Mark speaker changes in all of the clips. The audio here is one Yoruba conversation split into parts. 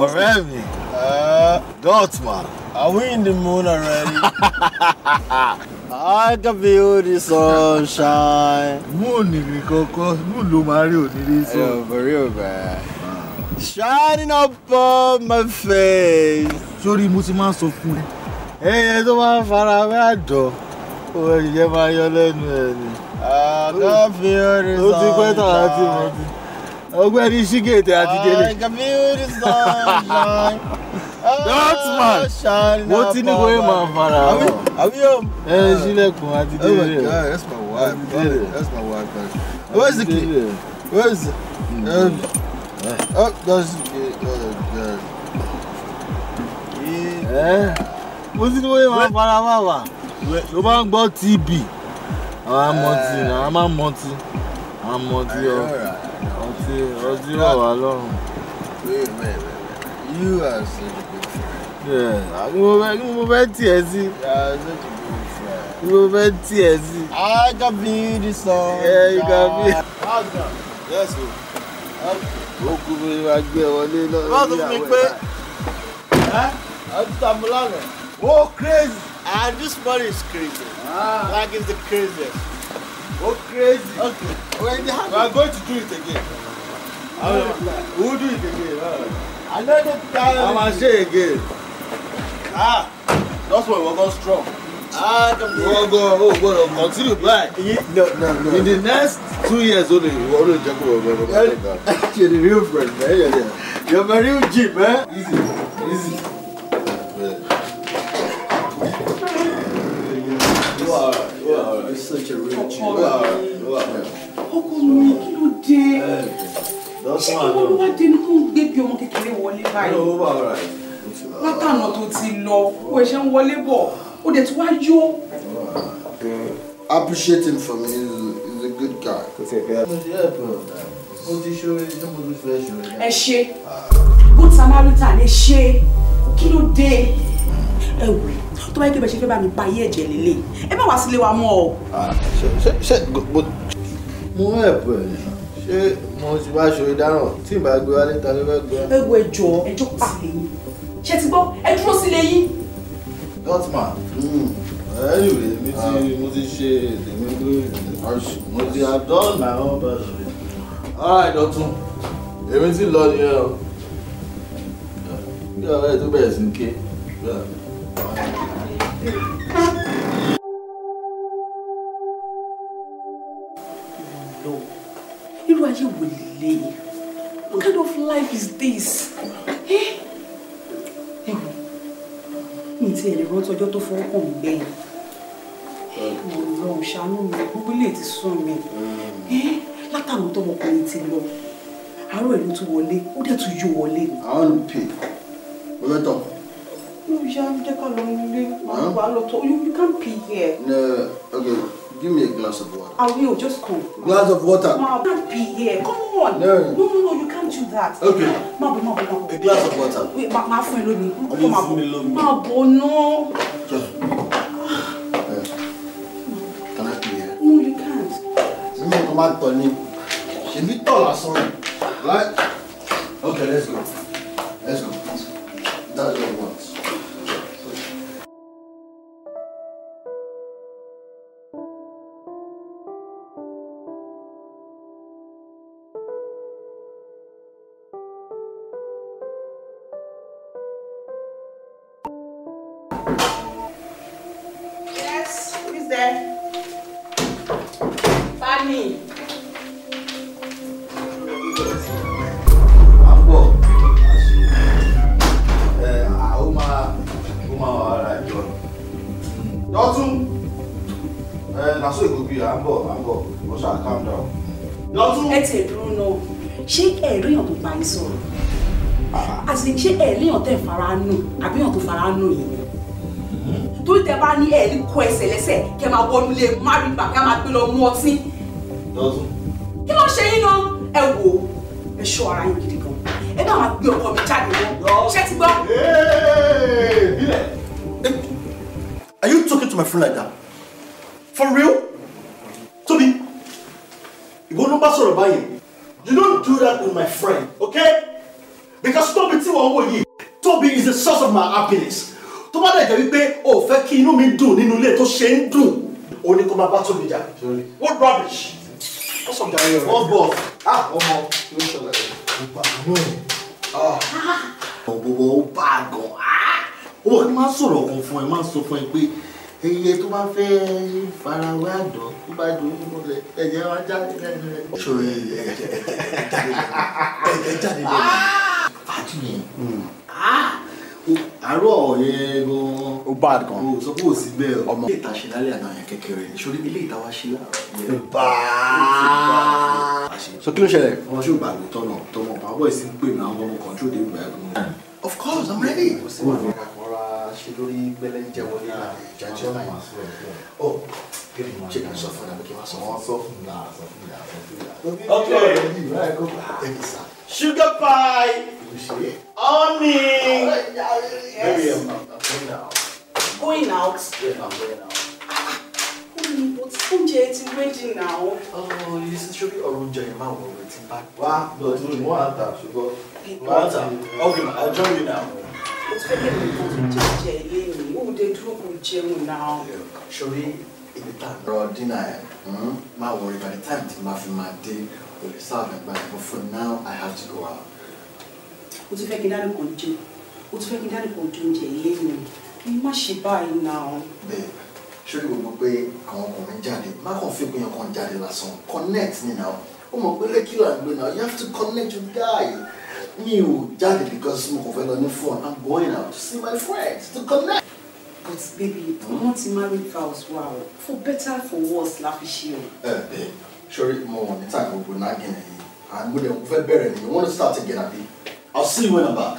Speaker 1: ọ̀rẹ́ mi
Speaker 2: man. Uh, are we in the moon already? I can feel the sunshine. moon in nìbí kankan moon ló máa rí òní rí sọ. ẹ ò bẹ̀rẹ̀ ò bẹ̀rẹ̀. shining my face. sórí mo ti máa ń sọ fún ẹ. ẹyẹ tó máa ń fara wẹ́ àjọ òun ẹ̀jẹ̀ máa yọ lẹ́nu ẹ̀ ni. Ah, I can feel the sunshine. ó ti pẹ́ tàwọn àti mọ́tì ọgbẹ́ni ṣígètè àti délé. I can feel the sunshine. that oh, man mo ti ní kóyè máa fara ọ ẹ oh my god that's my wife that's my wife Where's the kid Where's? the mm. um, eh. oh that's the kid oh god. mo ti ní kóyè máa Where's the wà ló bá ń gbọ́ TB àwọn amọ̀tì eh. àwọn amọ̀tì ṣe ọdún ọ̀wá lọ́rùn. you are such a good friend. mo fẹ́ tiẹ̀ sí. you are such a good friend. mo fẹ́ tiẹ̀ sí. I can be the sun. yeah you can be. yes o. ó kú mi máa gbé wọlé lọ́wọ́. bá a tó fi pé ẹ́ ẹ́ ti tàbí lánàá. oh crazy. and ah, this money is crazy. Ah. like it's the craziest. Oh, crazy. Okay. We're, well, we are going to do it again. We'll say again. Ah, that's why we're going strong. Ah, we're going. Oh, well, continue black. No, no, no. In the next two years only, we're only joking about the real friend, man. Yeah, yeah. You're my real G, man. Easy, easy. You are, you are. You're such a real G. You are, you are. Ọkọ
Speaker 3: mi, kí ló dé?
Speaker 2: ṣé kí wọ́n wá
Speaker 4: gbé bí ọmọ kékeré wọlé báyìí látànà tó ti lọ ó ẹ̀ṣẹ̀ ń wọlé bọ̀ ó dẹ̀ ti wá yó.
Speaker 2: appreciate him for me he's a, a good guy. kò sí mo ti ṣoore mo ti fẹ́
Speaker 4: ẹ ṣe good samaritan ẹ ṣe kí ló dé ẹ wò tó bá yẹ kí ẹ bẹ ṣe fẹ́ bá mi ba ayé ẹ̀jẹ̀ lélẹ̀ ẹ bá wá sílé wa mọ́ ọ.
Speaker 2: Ah, ṣe ṣe mo rẹ̀ pẹ̀lú ṣé mo ti wá aṣọ ìdáràn tí ìbá gbé wálé ta ló fẹ́ gbé wá. ewu ẹjọ ẹjọ pàṣẹ yín ṣe ti gbọ́ ẹ dúró sílé yín. dotman hmm. ẹ̀yìnwé mi ti ah. mo ti ṣe èmi lórí mo ti have done my own business. alright Dọ̀tun èmi ti lọ nìyẹn o bí ọ̀rẹ́ tó bẹ̀rẹ̀ sí ń ké.
Speaker 4: irú ayé wò lélẹ́yìn what kind of life is this? ẹ wò ní ti ẹ̀rẹ̀ rántí ọjọ́ tó fọwọ́ kàn mí bẹ́ẹ̀ ọlọ́run ṣàánú mi gbogbo ilé ti sún mi hmm. látàwọn tọmọkùnrin ti lọ
Speaker 2: àárọ̀ ìlú tún wọlé ó dẹ̀ tún yó wọlé ni. àwọn ló pè ó fẹ́ tọ̀.
Speaker 4: mo ya jẹ́ ká lọ nílé màá gbà lọ tọ́ you can't pay
Speaker 2: here. no glass of water.
Speaker 4: I will, just go.
Speaker 2: Glass of water. Ma,
Speaker 4: can't be here. Come on. No. No, no, no, you can't do that. Okay. Ma, ma, ma, ma. A glass of water. Wait, ma, ma, friend, Lomi. Please, ma, Lomi. Ma, bo, no. Just. Uh,
Speaker 2: can I be here? No, you can't. Let me come out, Tony. She be tall or something.
Speaker 1: Right? Okay, let's go.
Speaker 4: dé mari gbà ká máa gbé lọ mú ọtí. kí ló ṣe yín náà ẹ wò ó
Speaker 2: ẹ ṣọ́ ara yín gidi gan ẹ bá máa gbé ọkọ mi jáde wọn ṣé ti gbọ́. Are you talking to my friend like that? For real? Tobi, ìwọ ló bá sọ̀rọ̀ báyìí. You don't do that with my friend, okay? Because Tobi tí wọ́n wò Tobi is the source of my happiness. Tó bá dẹ̀ jẹ́ wípé o ò fẹ́ kí inú mi dùn nínú ilé tó ṣe ń dùn ó ní kó máa bá tó mi jà what rubbish wọ́n sọ̀rọ̀ jàre rẹ̀ wọ́n bọ̀ ah ọmọ ló ń ṣọlẹ̀ rẹ̀. ọba àánú ẹ̀ ah. ọ̀bọ̀bọ̀ ó bá a gan ah! ó wọ́n ní máa sọ̀rọ̀ kan fún ẹ máa sọ fún ẹ pé ẹyẹ tó bá fẹ́ farawé àdán tó bá dùn ún lẹ ẹ̀jẹ̀ wá jáde lẹ́nu rẹ̀. ṣòro ẹ̀jẹ̀ jáde lẹ́nu rẹ̀. ẹ̀jẹ̀ jáde lẹ́nu rẹ̀. fàájì yẹn àárọ̀ ọ̀yẹ́ gan-an. ó bá gan. o sọ pé o sì bẹ́ẹ̀ ọmọ ilé ìta ṣe lálẹ́ àná yẹn kékeré ni sórí ilé ìta wa ṣe láàárọ̀. báà so kí ló ṣẹlẹ̀. ọmọ ṣé o bá lè tọ̀nà tọmọ bá bọ̀ sí pé náà ọmọ kọ̀ọ̀tún òde ìgbà ẹ̀gbọ́n. of course i'm ready. o sì wà lóra kọ́ra ṣe lórí gbẹ́lẹ́ńjẹ wọlé láti jájẹ́ láì ọ ṣe kí n sọ fún ọ sugar pie, honey. Maybe I'm going
Speaker 4: out. Going out?
Speaker 2: Yeah, I'm going out. oúnjẹ ti ready now. Oh, yìí sí ṣókí ọ̀rọ̀ oúnjẹ yìí máa wọ̀ ọ̀rọ̀ tí bá. wá lọ tí mo wà I'll join you now. o ti fẹ́ kí èmi kò tún jẹ jẹ ilé mi ó de dúró kò jẹun now. sori ibi tá a lọ dínà ẹ hmm, máa wọrí by the time tí máa fi kò lè sáà gbàgbà but for now I have to go out. o tún fẹ́ kí n dárí kan jó o tún fẹ́ kí n dárí kan jó oúnjẹ lẹ́nu mi má ṣe báyìí náà. bẹ́ẹ̀ ṣórí gbogbo pé àwọn ọkùnrin jáde má kàn fi gbìyànjú kan jáde lásán connect ni náà ó mọ̀ pé lẹ́kí là ń you have to connect with guy mi ò jáde because mo kò fẹ́ lọ ní phone I'm going out to see my friends to connect. But baby, mm -hmm. I want to marry vows, wow. For better, for worse, la is ṣe o. Eh, Ẹ sori mo wọ ní time gbogbo náà gẹ̀ẹ́nà yìí and go dẹ̀ fẹ́ bẹ̀rẹ̀ You wanna start again abi I'll see you when I'm back.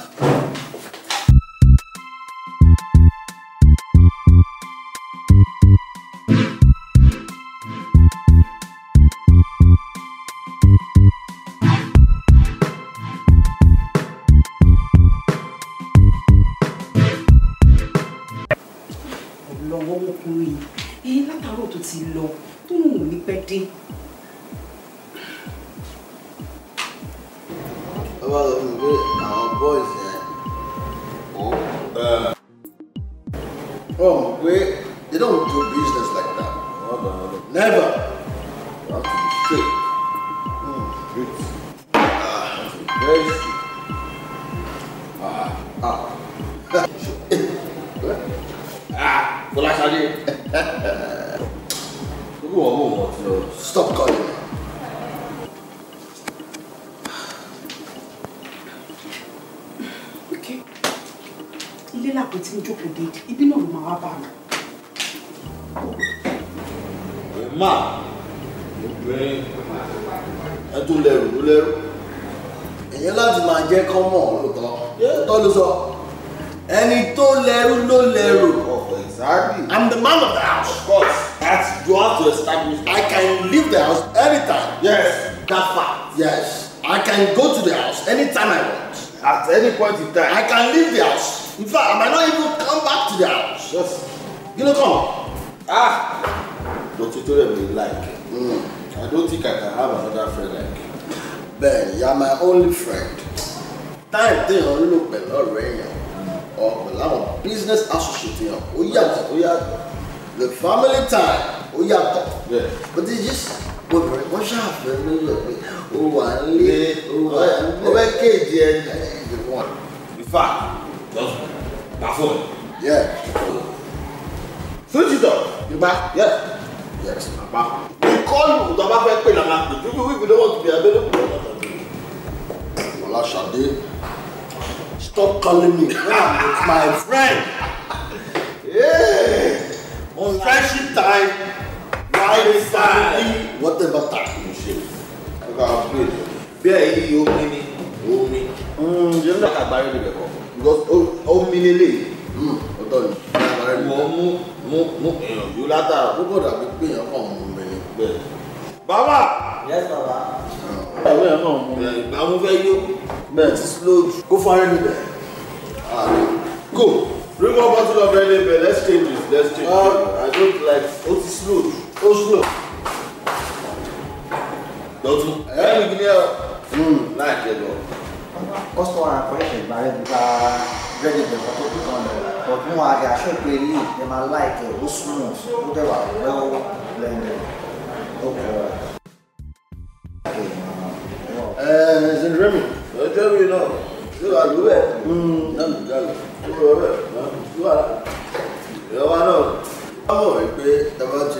Speaker 4: ilé làpò tí mo jókòó dé ibi náà ló máa wá bá mi.
Speaker 2: ẹ máa obìnrin ẹ tún lẹrù ló lẹrù èyàn láti máa jẹ́ kán mọ̀ lóòótọ́ lóòótọ́ ló sọ ẹni tó lẹrù ló lẹrù. Exactly. I'm the man of the house. Of course. That's you have to establish. I can leave the house anytime. Yes. That far. Yes. I can go to the house anytime I want. At any point in time. I can leave the house. In fact, I might not even come back to the house. Yes. You know, come. Ah! Don't you told me like, mm, I don't think I can have another friend like you. Ben, you are my only friend. Time thing on look pẹ̀lú ọ̀rẹ́ yẹn. Or pẹ̀lú àwọn business associate Oh, yeah, oh yeah. The family time, Oh, yàtọ̀. Yeah. But it's just obìnrin wọ́n ṣàfẹ́ lórí ọ̀pẹ ó wà Oh, lé ó wà ń lé ó bẹ́ kéde ẹ̀ ẹ̀ ẹ̀ wọ́n. in fact Those by foot. Yeah. Fujito. You back? Yeah. Yes, my back. We call you the back way pay la If you don't want to be available, Well, I shall Stop calling me friend. It's my friend. Yeah. On friendship time, life time, whatever time you share. I got a bit. Bẹ́ẹ̀ yìí omi ni. Omi. Ǹjẹ́ hmm, nígbà tá a gbárí bẹ̀rẹ̀ kọ́? ó mí lélẹ̀ hmm, ọ̀tọ̀ ni wọ́n mú mú mú èèyàn yó látara púpọ̀ dàbí pé èèyàn kàn mú mi ní bẹ́ẹ̀. bàbá. yes bàbá. ìyàwó yẹn náà mú mi. ìgbà mo fẹ́ yó. bẹ́ẹ̀ ti slow jù. kó fún ara ah, ẹni go bring one bottle of red label let's change this let's change this. Uh, ah, i don't like ó ti slow jù. ó slow. dọ̀tun. ẹ̀yà mi kì í ní ẹ̀ láì jẹ
Speaker 5: lọ customer collected by the credit the photo pick on there but mo àgbà aṣọ ìpè ní ẹ máa láìpẹ́ ó súnmọ́ ó dẹ̀ wà well blended
Speaker 2: ó kọ̀ ọ́. ẹ ẹ ṣe ń rẹ́mi ọjọ́ mi náà ṣé wàá lù bẹ́ẹ̀ náà lù jà lọ ó lọ bẹ́ẹ̀ náà lù wà láà ìrọ̀wá náà wọ́n mọ̀ wípé ẹ bá t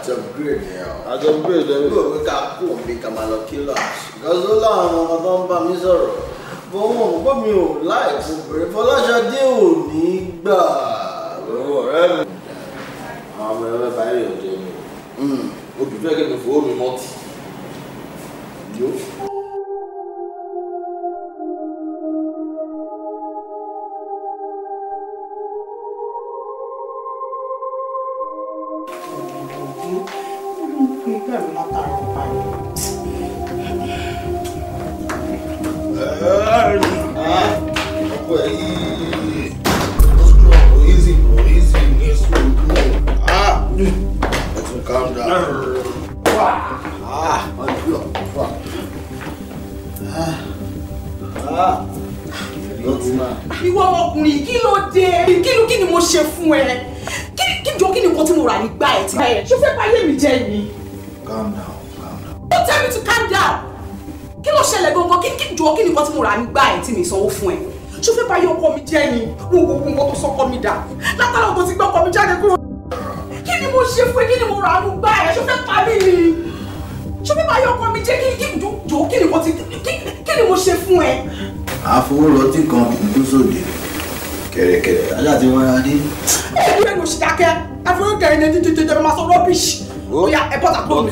Speaker 2: àti upgrade yẹn o. àti upgrade yẹn. bí òwe ká kú òbí ká máa lọ killers. gàzó láwọn ọmọ tó ń bá mi sọ̀rọ̀ bó wọn ò gbọ́ mi ò láì fún obìnrin Fọláṣadé ò ní gbà. lọ́wọ́ ọ̀rẹ́ mi. àwọn ọmọ ẹgbẹ́ báyìí ò jẹ́ mi.
Speaker 1: obìnrin fẹ́ kí mi fowó mi mọ́tì. yóò.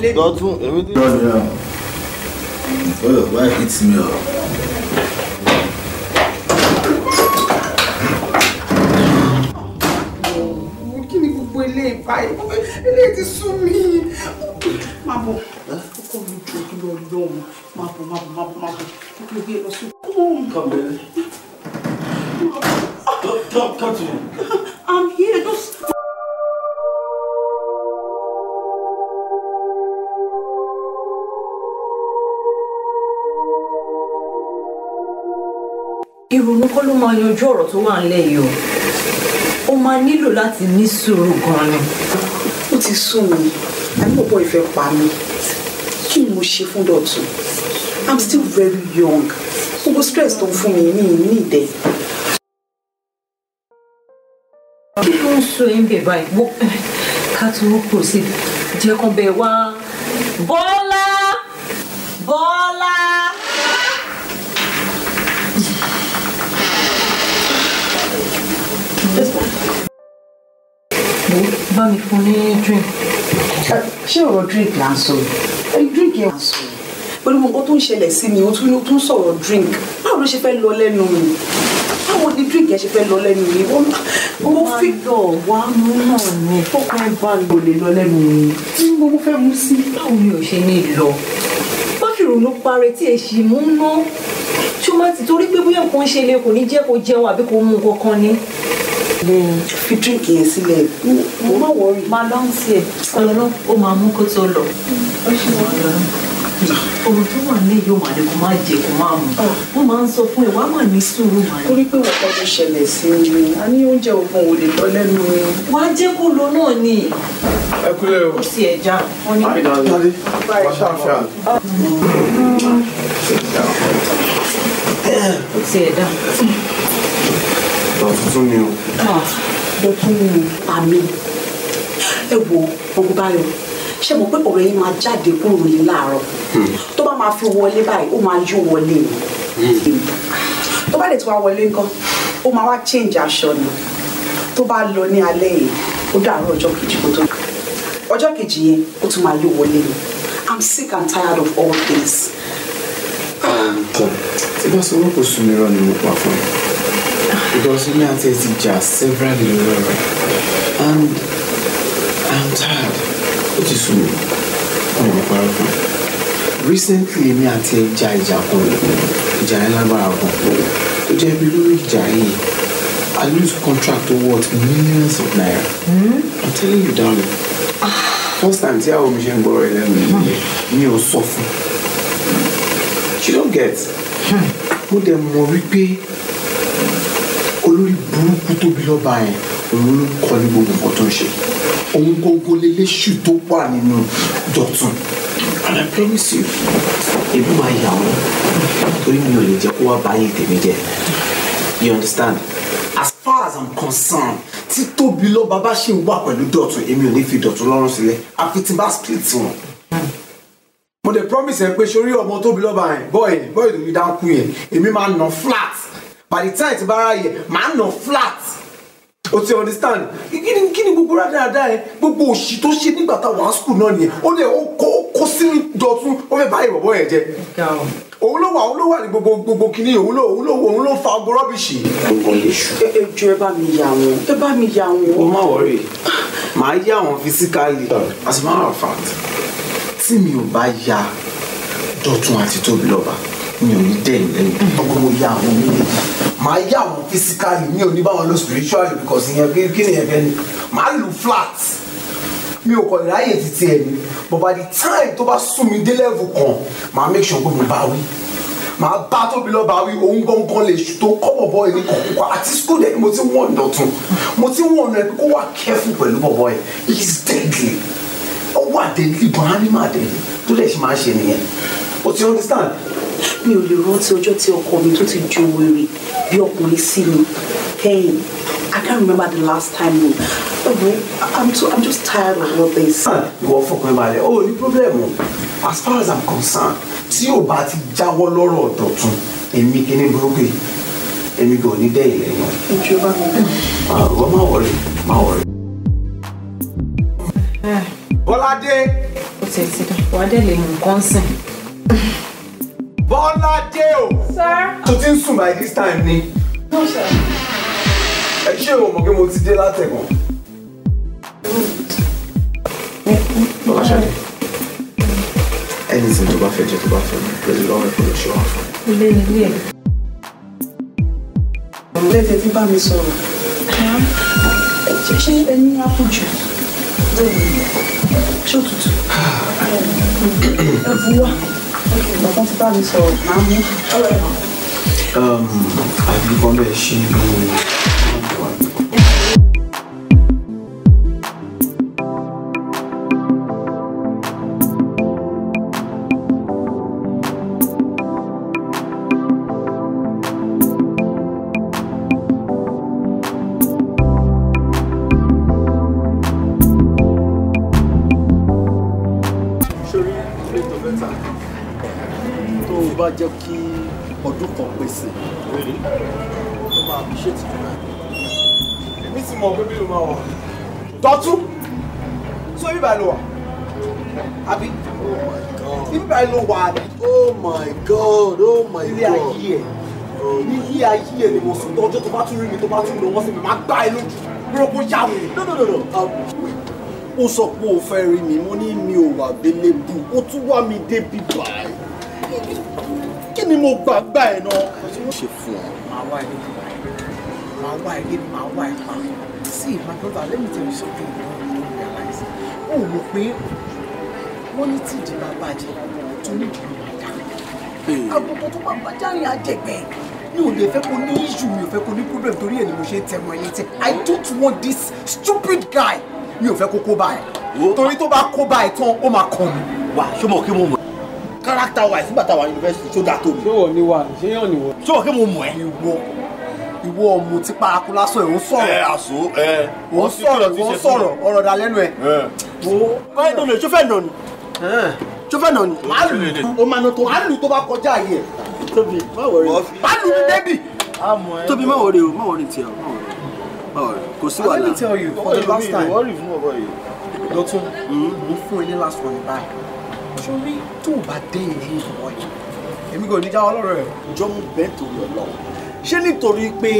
Speaker 2: lé. dọ́tún èmi ti. lọ́ọ̀dù náà ìfọ̀lọ̀ wá ìtì mi ọ̀.
Speaker 4: kí ni gbogbo ilé ìpa ilé ti sún mi. máa bọ̀ ọkọ mi jọ̀ọ́ lọ́ọ́ lọ́ọ́ máa bọ̀
Speaker 1: máa yanjú ọ̀rọ̀ tó wà nílẹ̀ yìí o
Speaker 4: ó máa nílò láti ní sùúrù gan ni. ó ti sún mi àmúbọ̀ ìfẹ́ pa mi kí ni mo ṣe fún dọ̀tun i'm still very young gbogbo stress tó ń fún mi mi ní ìdẹ. kí ló ń sọ ẹ́ bẹ̀ báyìí wọ́n ká tó kò sí jẹ́ bẹ̀ wá bọ́lá bọ́lá. mo bá drink. ṣé ọ̀rọ̀ drink là drink yẹn là ń sọ yìí pẹ̀lú nǹkan tó ń ṣẹlẹ̀ drink báwo ló ṣe fẹ́ lọ lẹ́nu mi báwo drink yẹn ṣe fẹ́ lọ lẹ́nu mi wọ́n mo fi lọ wá mú náà ni fọ́pẹ́ bá lò lè lọ lẹ́nu mi tí mo fẹ́ mú sí báwo ni ò ṣe ní lọ ìrònú parẹ́ tí èsì mú ná ṣó má ti torí pé bóyá nǹkan ṣe lè kò ní jẹ́ kó jẹun àbí kó mú nǹkan ni fi drink yẹn sílẹ̀ mo má wọrí. máa lọ sí ẹ ọlọ ó máa mú kó tó lọ òun tó wà ní yóò máa ní kó máa jẹ kó máa mú ah. wọn máa ń sọ fún ẹ wàá máa ní sùúrù máa torí pé wọn kọ́ tó ṣẹlẹ̀ sí mi a ní oúnjẹ òògùn ò lè lọ lẹ́nu mi. wàá
Speaker 2: jẹ́ kó lọ náà ni.
Speaker 4: ẹ kúlẹ̀ o. ó sì ẹja
Speaker 2: wọn ní. àyè dáadé wàá ṣàfihà. ó sì ẹja
Speaker 1: tuntun ni o.
Speaker 4: lọ́tún ah, ni àmì ẹ wo ọkùnrin báyọ̀ ṣe mọ̀ pé ọ̀rọ̀ yìí máa jáde kúrò ní láàárọ̀ hmm. tó bá máa fi wọlé báyìí ó máa yó wọlé ni hmm. tó bá lè tó wá wọlé nǹkan ó máa wá change aṣọ ni tó bá lọ ní alẹ́ yìí ó dàárọ̀ ọjọ́ kejì kó tó ọjọ́ kejì yẹn ó tún máa yó wọlé ni i'm sick and tired of all this. Ah,
Speaker 2: tí bá sọ wọn kò sùn mí rán ni mo pa fún ẹ because èmi àti ẹ ti jà several years and i'm tired ó is sùn Oh ọ̀rọ̀ mi recently èmi àti ẹ jà ìjà kan ìjà yẹn lágbára kan tó jẹ́ bí lórí ìjà yìí i lose contract tó worth millions of naira mm? i'm telling you darling first time tí àwọn mi ṣe ń Me, ẹ suffering. Hmm. mi you don't get hmm. mo dẹ̀ mọ̀ wípé burúkú tóbi lọ́ba yẹn òun ló kọ́ ní gbogbo nǹkan tó ń ṣe òun gbogbo lélẹ́ṣù tó wà nínú dọ̀tun
Speaker 3: and I promise you
Speaker 2: ebi máa yà wọ́n torí mi ò lè jẹ́ kó wá báyìí tèmi jẹ́ you understand
Speaker 3: as far as I'm concerned
Speaker 2: tí tóbi lọ́ba bá ṣì ń wà pẹ̀lú dọ̀tun èmi ò ní fi dọ̀tun lọ́rùn sílẹ̀ àfi tí n bá split wọn mo dey promise ẹ pé sori ọmọ tóbi lọ́ba yẹn bọ́ọ̀ yẹn bọ́ọ̀ yẹn tó fi dáhùn kú yẹn èmi máa nà flat by the time ti bá ráyè màá nà flat o ti understand kíni kíni gbogbo rádáadáa yẹn gbogbo òṣì tó ṣe nígbà tá wàá skul náà nìyẹn ó lè ó kó kó sínú dọ̀tún ó fẹ́ báyìí bọ̀bọ̀ yẹn jẹ òun ló wà òun ló wà ní gbogbo gbogbo kìíní òun ló òun ló òun ló fa ọgbọ rọbìṣì. gbogbo lè ṣù. ẹ jọ ẹ bá mi yà wọn ẹ bá mi yà wọn. mo má wọrí màá yà wọn fisikali ah. as a matter of fact tí mi ò bá ya dọ̀tún àti tóbi lọ́ba mi ò ní dẹ̀ lẹ́nu. ọgbọ́n mo ya àwọn méjèèjì màá yà àwọn physically mi ò ní bá lọ spiritually because ìyẹn kí ni ẹ̀fẹ́ ni màá lù flat mi ò kàn ráyè títí ẹ̀ ni but by the time tó bá sún mi dé level kan màá make sure pé mo bá wí màá bá tóbi lọ́ba wí òun gbọ̀ngàn lè tó kọ́bọ̀ bọ́ ẹni kọ̀ọ̀kan àti school dẹ́ni mo ti wọ̀n dọ̀tun mo ti wọ̀n ẹ̀ kó wà careful pẹ̀lú bọ̀bọ̀ ẹ̀ he is deadly ó wà délé gan ánímà délé tó lè ṣe máa ṣe nìyẹn o ti understand. mi ò lè
Speaker 4: rántí ọjọ́ tí ọkọ mi tó ti ju wèrè bí ọkùnrin sí mi kẹ́yìn I can't remember the last time o ọ̀rẹ́ oh I'm I'm just tired of all this. Ah, ìwọ fọkàn
Speaker 2: balẹ̀ oh, o ní pírọ́blẹ̀mù as far as I'm concerned tí o bá ti jáwọ́ lọ́rọ̀ ọ̀dọ̀tun èmi kìíní burúkú yìí èmi kò ní dẹ́ ìlẹ́yìn. ìjọba mi.
Speaker 3: àwọn máa wọlé máa wọlé.
Speaker 2: Bọ́ládé. O ti ti dùn, wà á dẹ̀ lè mú nǹkan sìn. Bọ́ládé o. Sir. Tó ti ń sùn by this time ni. No sir. Ẹ ṣé o mọ̀ pé mo ti dé látẹ̀kọ̀? Bọ́lá ṣáde. Ẹni tí tó bá fẹ́ jẹ tó bá fẹ́ mi pẹ̀lú lọ́wọ́ ẹ̀kọ́ lọ ṣe wá fún mi.
Speaker 4: Ilé ni ilé ẹ̀. Ọ̀rọ̀ lẹ́tẹ̀ẹ́ bá mi sọ̀rọ̀. Ṣé ẹni á kú jù? ṣé òtútù ẹ bu wá ìgbà kan ti bá mi sọ̀rọ̀ máa mú
Speaker 2: ọ̀rẹ́ náà. àbí bọ́m̀bẹ̀ ṣe é. tó bá tún rí mi tó bá tún lọ wọ́n sí mi máa gbá ẹ lójú bí wọ́n kó yá mi. no no no no um, ó sọ pé ó fẹ́ rí mi mo ní mi ò wà délébù ó tún wá mi débi báyìí kí ni mo gbà gbà ẹ náà. mo ṣe fún ọ. màá wá ilé mi màá wá ilé mi màá wá ipa sí my brother let me tell you something you don't realize ó mọ̀ pé wọ́n ní tí ìdí bá bàjẹ́ tó ní ìdí bá dá àgùntàn tó bá
Speaker 4: bàjẹ́ àrìn àjẹgbẹ́
Speaker 2: mi ò lè fẹ́ kó ní issue mi ò fẹ́ kó ní problem torí ẹ̀ ni mo ṣe ń tẹ̀mọ́ ẹ létí i don't want this stupid guy mi ò fẹ́ kó kó bá ẹ torí tó bá kó bá ẹ tán ó máa kàn mí. wà á ṣọmọ kí mo mọ character wise nígbà táwa university ṣó dáa tó mi. ṣé wọ́n ni wa ṣé yàn ni wọ́n. ṣọmọ kí mo mọ ẹ. ìwọ ìwọ ọmọ tí paraku lásán ẹ̀ ń sọ̀rọ̀. ẹ àṣọ ẹ. ò ń sọ̀rọ̀ ò ń sọ̀rọ̀ ọ̀rọ̀ dà lẹ́nu ẹ̀. báyìí ló lè ṣó fẹ́ nà ni tó fẹ́ nà ni. o máa nà tó a lù tó bá kọjá ayé tóbi má wọrí má lù mí débi. tóbi má wọrí o má wọrí tiẹ̀ o má wọrí kò sí wàhálà. let me tell you for the last time lọ́tún hmm? mo fún ẹ ní last one báyìí sórí tó o bá dé ilé ìwọ yìí èmi kò ní jáwọ́ lọ́rọ̀ ẹ̀. jọ́mú bẹ́ẹ̀ torí ọlọ́run ṣé nítorí pé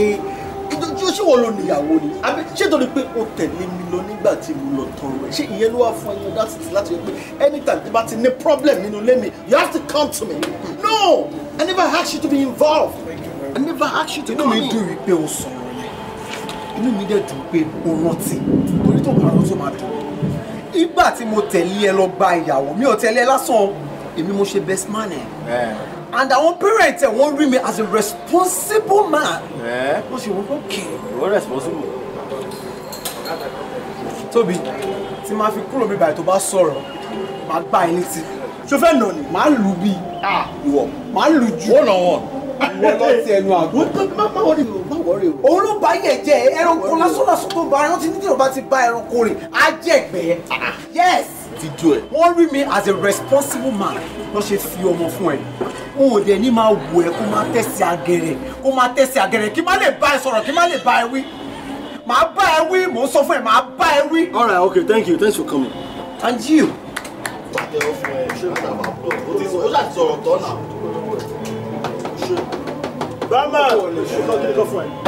Speaker 2: ṣé wọ́n ló níyàwó ni àbí ṣé torí pé o tẹ̀lé mi lọ nígbà tí mo lọ tọrọ ẹ̀ ṣé ìyẹn ló wá fún ẹyin ọ̀dá títí láti rí pé anytime tí bá ti ní problem nínú ilé mi you have to come to me no I never ask you to be involved I never ask you to come in. inú mi dùn wípé o sọ̀rọ̀ yẹn inú mi dẹ̀ dùn pé o rántí torí tó bá rántí máa dùn ìgbà tí mo tẹ̀lé ẹ lọ gba ìyàwó mi ò tẹ̀lé ẹ lásán èmi mo ṣe best man ẹ and àwọn parents ẹ̀ wọ́n rí mi as a responsible man. Yeah. Okay. wọ́n responsible. Toby, tí máa fi kúrò mi báyìí tó bá sọ̀rọ̀ máa gbá ẹni tí ṣo fẹ́ nà ni máa lù bí ìwọ máa lù jù. wọ́n nà wọ́n. ìwọ lọ ti ẹnu àgbo. má má wọlé o má wọlé o. òun ló bá yẹ jẹ ẹranko lásán lásán tó ń ba ẹran tí nídìí ọba ti bá ẹranko rìn á jẹgbẹ. Ah, ah. yes fídíò ẹ̀. wọ́n rí mi as a responsible man lọ́ ṣe fi ọmọ fún ẹ o ò dẹ̀ ní máa wò ẹ́ kó máa tẹ̀sí agẹrẹ kó máa tẹ̀sí agẹrẹ kí má lè bá ẹ sọ̀rọ̀ kí má lè bá ẹ wí màá bá ẹ wí mò ń sọ fún ẹ màá bá ẹ wí. all right okay thank you thanks for coming and you. bàmà ọ̀lẹ̀ ṣe lọ́dún tó fún ẹ.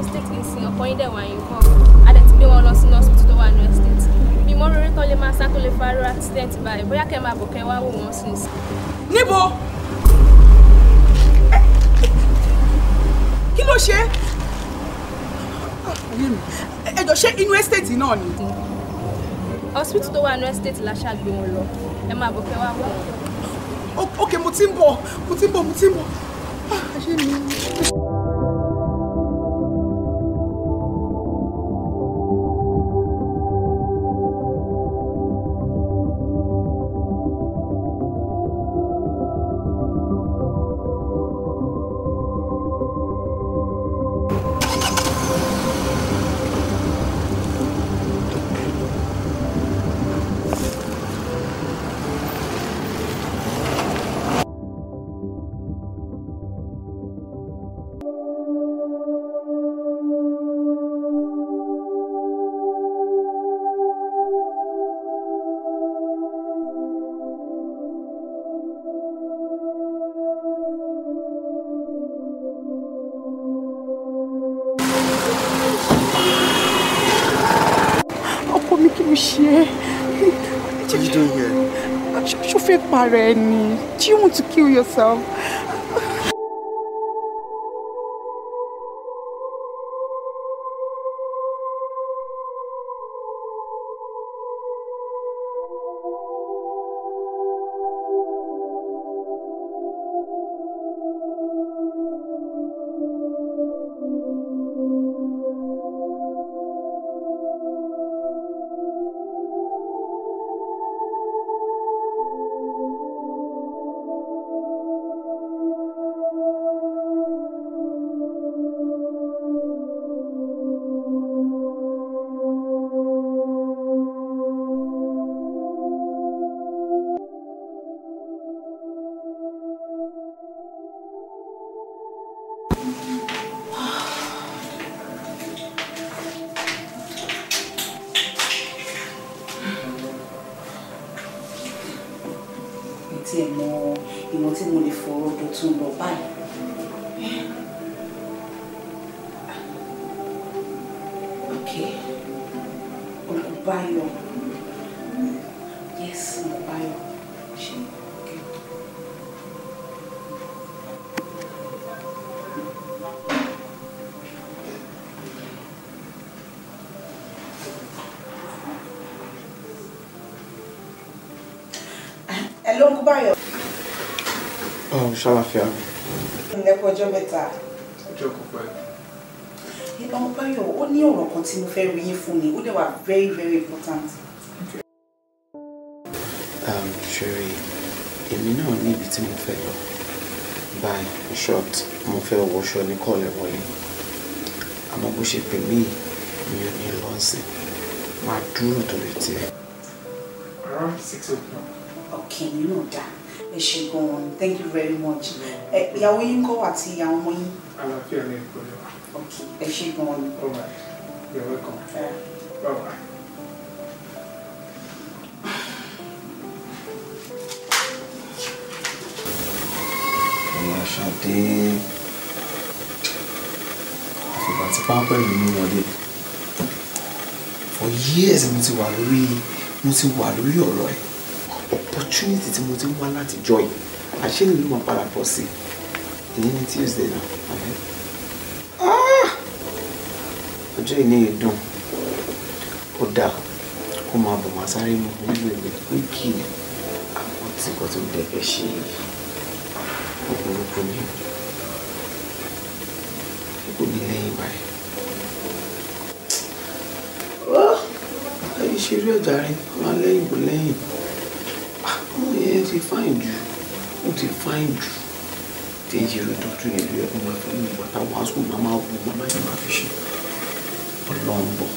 Speaker 4: estate nìsín ọkàn yín dẹ̀ wà yín kọ́ a dẹ̀ ti gbé wọn lọ sí nọ́ọ̀sì tó wà ní estate mi mọ́ rere tán lè máa sá tó lè fa accident báyìí bóyá kẹ́ máa bọ̀ kẹ́ wá wò wọ́n sí nìsín. níbo kí ló ṣe ẹ jọ ṣé inú estate náà ni. hospital tó wà ní estate la ṣàgbé wọn lọ ẹ máa bọ̀ kẹ́ wá wò wọ́n. ok mo ti ń bọ̀ mo ti ń bọ̀
Speaker 1: mo ti ń bọ̀. 啊，是你。Ah,
Speaker 4: para ẹni. Do you want to kill yourself? ọjọ́ mẹ́ta. ọjọ́ pípẹ́. ọmọ báyọ̀ ó ní ọ̀rọ̀ kan tí mo fẹ́ rí yín fún ni ó dẹ̀ wà very very important.
Speaker 3: ṣeré um, èmi náà ní ibi tí mo fẹ́ lọ
Speaker 2: báyìí short mo fẹ́ wọṣọ ní kọ́ọ̀lẹ̀ wọlé àmọ́ bó ṣe pè
Speaker 3: mí mi ò ní lọ́ọ̀sì máa dúró torí tiẹ̀.
Speaker 4: around six o'clock. ọ̀kẹ́ nínú dáa ẹ ṣe gan-an thank you very much ìyàwó yín kọ́ àti àwọn ọmọ yín. àlàáfíà ni ìpò yẹn wà. ẹ ṣe gan-an. all right you bye bye.
Speaker 2: Ṣadé àfìgbà tí pápẹ́ yìí mú wọlé for years mo ti wà lórí mo ti wà lórí ọ̀rọ̀ ẹ̀ opportunity tí mo ti ń wá láti jọ yìí àṣé mi ló máa padà bọ̀ sí ìyẹn ní Tuesday náà àbẹ́ ah! ọjọ́ ìní ìdùn ó dáa kó máa bọ̀ máa sáré mú nílò ìwé wíkì àwọn tí nǹkan tó ń dẹ̀fẹ̀ ṣe òkúrúkú ni kò ní lẹ́yìn báyìí. Ah! ayé ṣeré ọ̀jà rẹ̀ máa lẹ́yìn bó lẹ́yìn
Speaker 3: yẹn ti fáìn jù
Speaker 2: ó ti fáìn jù tí ń ṣe eré dọ́tún yẹn ló yẹ kó máa fẹ́ lóògbà táwọn aṣọ màmá wù màmá yẹn máa fi ṣe ọlọ́run bọ̀.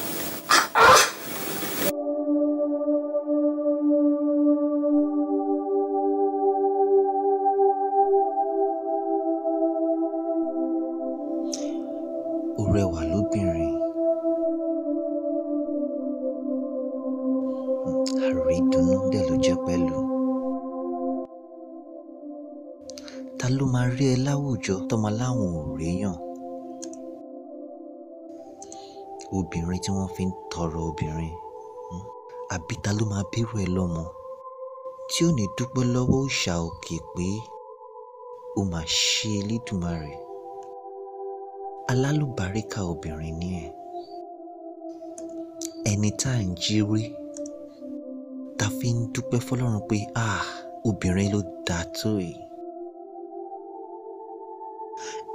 Speaker 6: àwùjọ tọ́mọ láwọn ò réyàn obìnrin tí wọ́n fi ń tọrọ obìnrin hmm, àbí ta ló máa bírò ẹ lọ́mọ tí ò ní dúpẹ́ lọ́wọ́ òòṣà òkè pé ó máa ṣe Elédùmarè alálùbáríkà obìnrin ni ẹ ẹni tá à ń jírí ta fi ń dúpẹ́ fọlọ́run pé ah obìnrin ló dáa tó yìí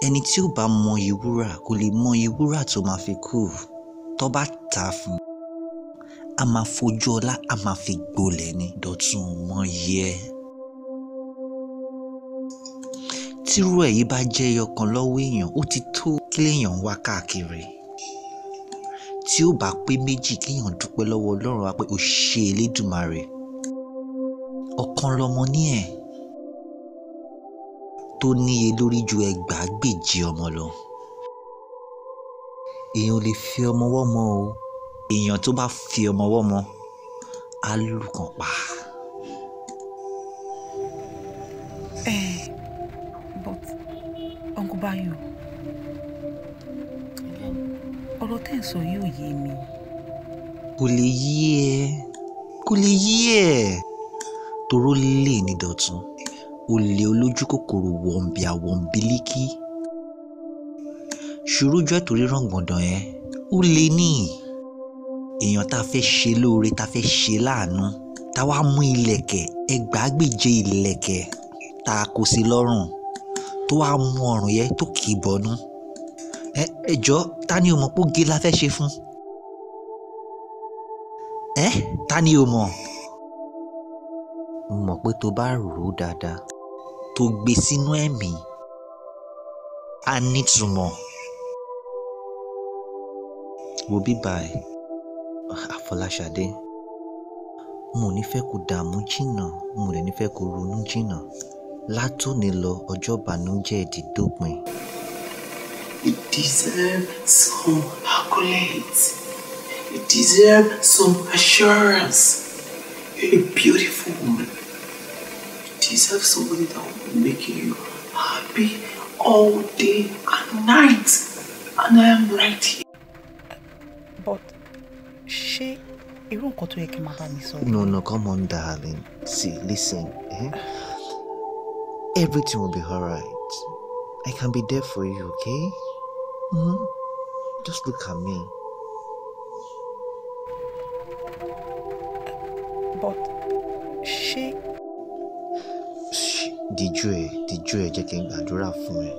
Speaker 6: ẹni tí ò bá mọyì wúrà kò lè mọyì wúrà tó máa fi kú tó bá tà á fún a máa fojú ọlá a máa fi gbolẹ̀ ni Dọ̀tun mọyì ẹ. tírú ẹ̀ yìí bá jẹ́ ẹyọkan lọ́wọ́ èèyàn ó ti tó kíléèyàn wá káàkiri tí ó bá pé méjì kéèyàn dúpẹ́ lọ́wọ́ Ọlọ́run wá pé ó ṣe Elédùmarè ọ̀kan lọmọ ní ẹ̀ tó níye lórí ju ẹgbàágbèje ọmọ lọ. èèyàn ò lè fi ọmọ wọ́mọ o èèyàn tó bá fi ọmọ wọ́mọ á lùkàn pa.
Speaker 4: ẹ eh, but uncle Bayo ọ̀rọ̀ tẹ́ ẹ̀ sọ yìí ò yé mi.
Speaker 6: kò lè yí ẹ kò lè yí ẹ toró lè ní dọ̀tún olè olójú kòkòrò wọ̀nbì àwọ̀nbílíkì ṣùrùjọ ẹ̀ torí rọ̀gbọ̀ndàn yẹn ó lè ní èèyàn tá a fẹ́ ṣe lóore tá a fẹ́ ṣe láàánú tá a wá mú ilẹ̀kẹ̀ ẹgbàágbèje ilẹ̀kẹ̀ tá a kó sí lọ́rùn tó wá mú ọrùn yẹn tó kì í bọ́nú ẹjọ́ ta ni o mọ̀ pé oge la fẹ́ ṣe fún ẹ ta ni o mọ̀ mo mọ̀ pé tó bá rò ó dáadáa tó gbé sínú ẹ̀mí á nítumọ̀ wo bíbá ẹ Àfọláṣadé mo ní fẹ́ kó dààmú jìnnà mo dẹ̀ ní fẹ́ kó ronú jìnnà látòní lọ ọjọ́ ìbànújẹ́ ìdídópin.
Speaker 1: You deserve some
Speaker 3: accolades. You deserve some assurance. You're a
Speaker 6: beautiful woman.
Speaker 4: deserve somebody that
Speaker 6: will be making you
Speaker 4: happy all day and night. And I am right here. But she you nǹkan tó yẹ kí n máa bá sọ. no no
Speaker 6: come on darling see listen eh? everything will be alright I can be there for you okay mm -hmm. just look at me. but díjú ẹ díjú ẹ jẹ́ kí n
Speaker 1: gbàdúrà fún ẹ.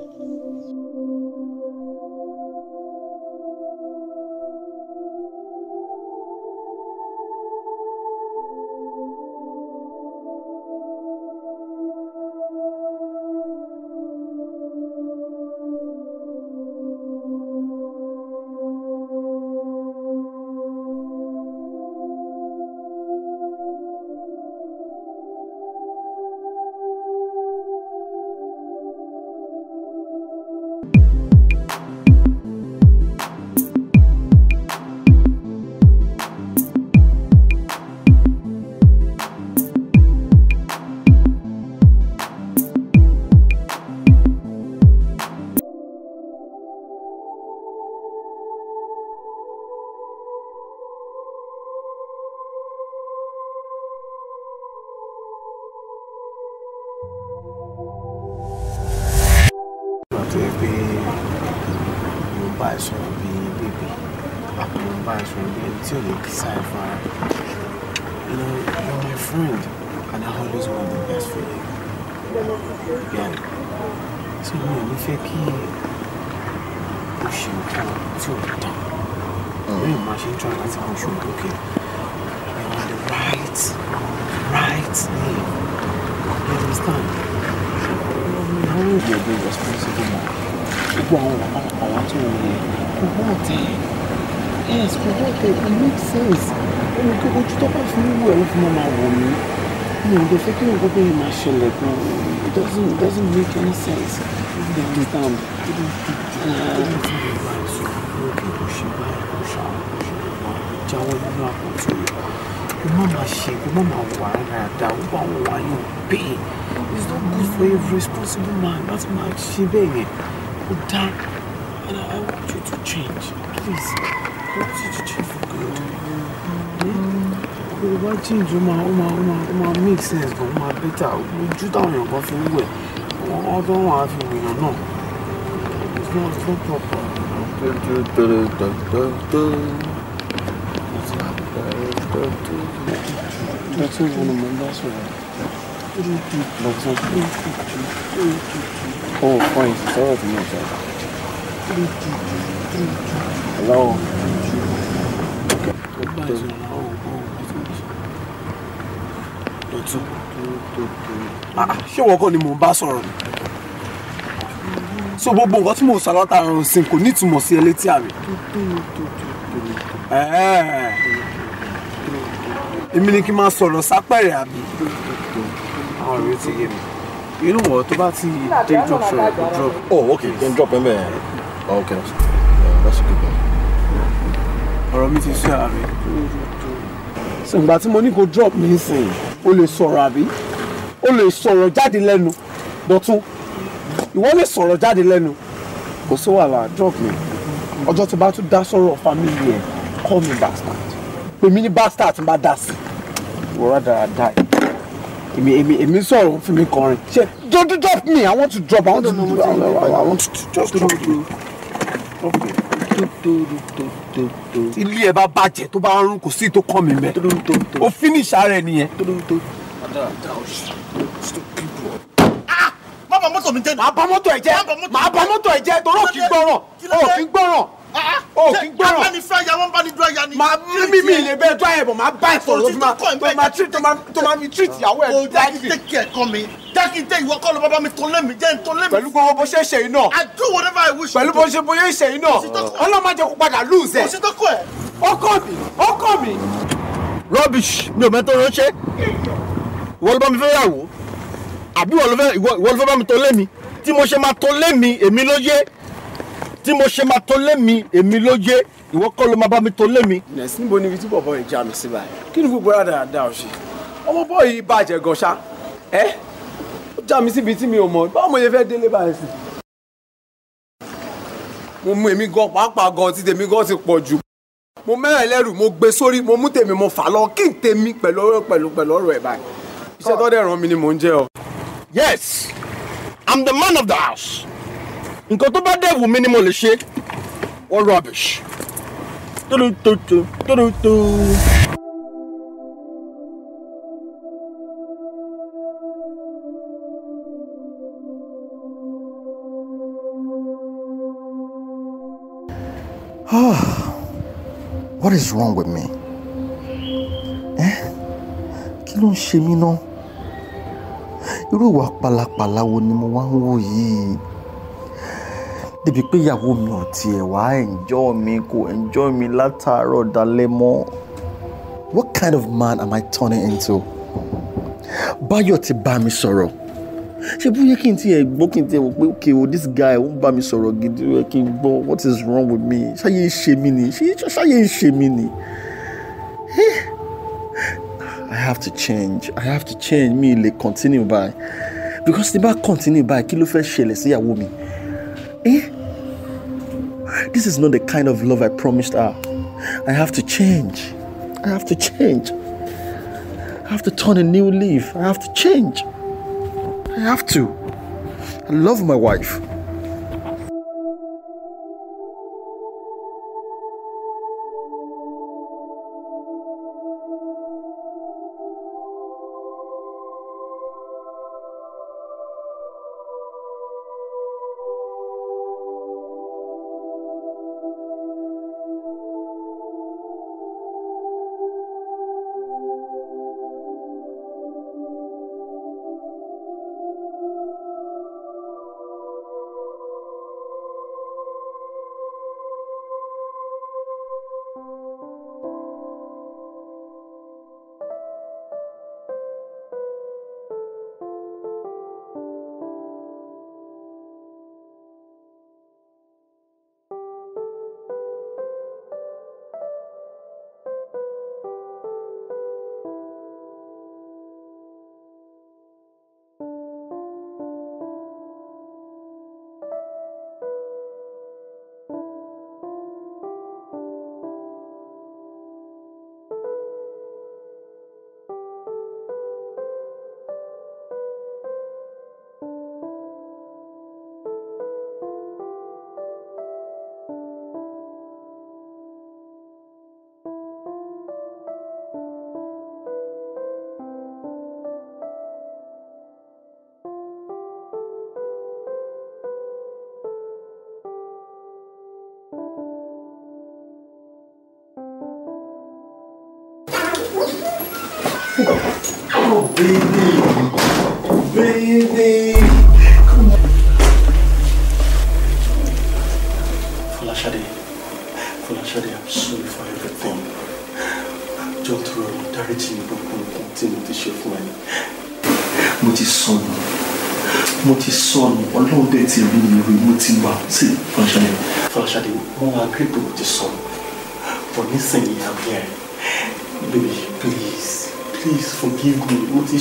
Speaker 3: responsible man láti máa ṣe bẹ́ẹ̀ yẹn and I want you to change please I want you to change for good. kò wá change ó máa ó máa ó
Speaker 2: máa ó máa make sense gan ó máa better ojú táwọn èèyàn kan fi ń wẹ̀ wọ́n tó wọ́n á fi
Speaker 3: wèèyàn náà it's not it's not proper.
Speaker 2: That's what one of
Speaker 3: my last ones lọ tún ohun kan yìí sọ̀rọ̀ tí mo sọ
Speaker 2: ṣé wọn kọ́ ni mò ń bá sọ̀rọ̀ ni so gbogbo nǹkan tí mò ń sọ lọ́ta àrùn sin kò ní ìtumọ̀ sí ẹ létí àmì èmi ni kí n máa sọ̀rọ̀ sápẹ̀rẹ̀ àbí àwọn ìwé ti you know what About to take drop junction drop. oh okay then drop ẹ mẹ́ẹ̀ oh, okay uh, that's a good one. ọ̀rọ̀ mi ti sún ara So ṣùgbọ́n àti money go kó drop mi nísìnyí o lè sọ̀rọ̀ àbí o lè sọ̀rọ̀ jáde you. dọ̀tún ìwọ sorrow. Daddy, jáde lẹ́nu kò sí wàhálà drop mi ọjọ́ tó bá tún dá sọ̀rọ̀ family ẹ̀ call me bastard We mean bastard tí n bá dá i wọ́n èmi èmi èmi sọ̀rọ̀ fún mi kọrin ṣe don't drop me i want to drop i want to drop. i want to just drop you. ilé ẹ bá bàjẹ́ tó bá ń rún kò sí tó kọ́ mi mẹ́ o finish ara ẹ nìyẹn. Ah! má bà mọ́tò mi jẹ́ màá bà mọ́tò ẹ̀ jẹ́ màá bà mọ́tò ẹ̀ jẹ́ torí òkì gbọ́ràn òkì gbọ́ràn o kì í gbọ́rọ̀ abáni fẹ́ ya wọ́n báni dúró ya ni. màá mímí mi lè bẹ́ẹ̀ dúró ẹ̀bùn màá bá ìsọ̀rọ̀ ló fi máa tó máa fi treat ìyàwó ẹ̀ dákì. o dákì tẹ kí ẹ kọ́ mi dákì tẹ ìwọ kọ́ ló bá bá mi tán lẹ́mí jẹ́ ntán lẹ́mí. pẹ̀lú gbogbo bó ṣe ṣe iná. I do whatever I wish. pẹ̀lú bó ṣe bó ṣe ṣe iná ọlọ́mọdé kò padà lose ẹ̀. ọkọ mi ọkọ mi. rubbish mi ò mẹ́tọ́ ránṣẹ́ ìwọ ló bá mi fẹ́ yàwó àbí ìwọ ló fẹ́ bá mi tó lé mi tí mo ṣe tí mo ṣe máa tó lé mi èmi ló yé ìwọ kọ́ ló máa bá mi tó lé mi. nẹ̀sí níbo ni ibi tí bọ̀bọ̀ yìí já mi sí báyìí kí ni gbogbo rádà dá ọ ọmọ bọ́ọ̀ yìí bàjẹ́ gan ṣá ẹ ó já mi síbi tí mi ò mọ̀ báwo mo yẹ fẹ́ délé báyìí sí. mo mú èmi gan pàápàá gan tí tèmi gan ti pọ̀ jù mo mẹ́rin lẹ́rù mo gbé sórí mo mú tèmi mo fà lọ kí n tèmi pẹ̀lú ọ̀rọ̀ ẹ̀ báyìí iṣẹ́ tó yes i'm the man of the house nǹkan tó bá dẹ̀wù mi ni mo lè ṣe wọ́n rubbish.
Speaker 1: Ah, what is wrong with me? Eh? Kí ló ń ṣe
Speaker 2: mí náà? Irú ìwà pálapàla wo ni mo wá ń wò yìí? débi pé ìyàwó mi ò tiẹ̀ wá enjoy mi kò enjoy mi látàárọ̀ dalẹ́ mọ́ what kind of man am I turning into? Báyọ̀ ti bá mi sọ̀rọ̀ ṣé bó yẹ kí n tiẹ̀ gbọ́ kí n tiẹ̀ wò pé okay o oh, this guy ó ń bá mi sọ̀rọ̀ gidi ó kí n gbọ́ what is wrong with me ṣáyé ń ṣe mí ni ṣáyé ń ṣe mí ni eh, I have to change I have to change me. Le continue by because tí bá continue by kí ló fẹ́ ṣẹlẹ̀ sí ìyàwó mi. Eh? This is not the kind of love I promised her. I have to change. I have to change. I have to turn a new leaf. I have to change. I have to. I love my wife.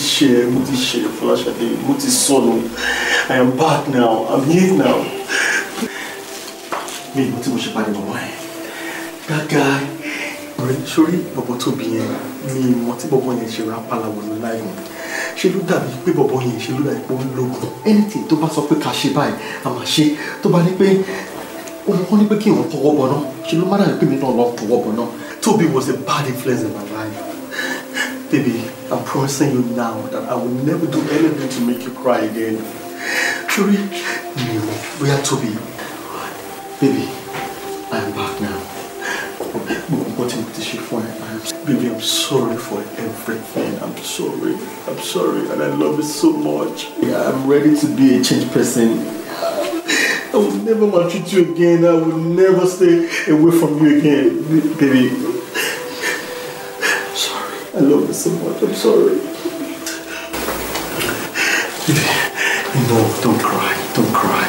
Speaker 2: ṣe mo ti ṣe Fọláṣadé mo ti sọnù I am back now I'm here now. mi ìmọ̀ tí mo ṣe pàdé mọ̀mọ́ ẹ̀ gàgà rẹ̀ sórí bọ̀bọ̀ tóbi yẹn mi ìmọ̀ tí bọ̀bọ̀ yẹn ṣe ra pàlàwọ̀ ló láì mọ̀ ṣe ló dàbí pé bọ̀bọ̀ yẹn ṣe ló dàbí pé ó ń anything tó bá sọ pé ká ṣe báyìí a máa ṣe tó bá ní pé wọ́n ní pé kí wọ́n tọwọ́ bọ̀ náà ṣe ló má dàbí pé mi náà lọ tọwọ́ bọ̀ náà tóbi was a bad influence in my life baby I'm promising you now that I will never do anything to make you cry again. Shuri, no, we are to be. Baby, I am back now. putting did she for? Baby, I'm sorry for everything. I'm sorry. I'm sorry, and I love you so much. Yeah, I'm ready to be a changed person. I will never maltreat you again. I will never stay away from you again, baby. I love you so much. I'm sorry.
Speaker 3: No, don't cry. Don't
Speaker 2: cry.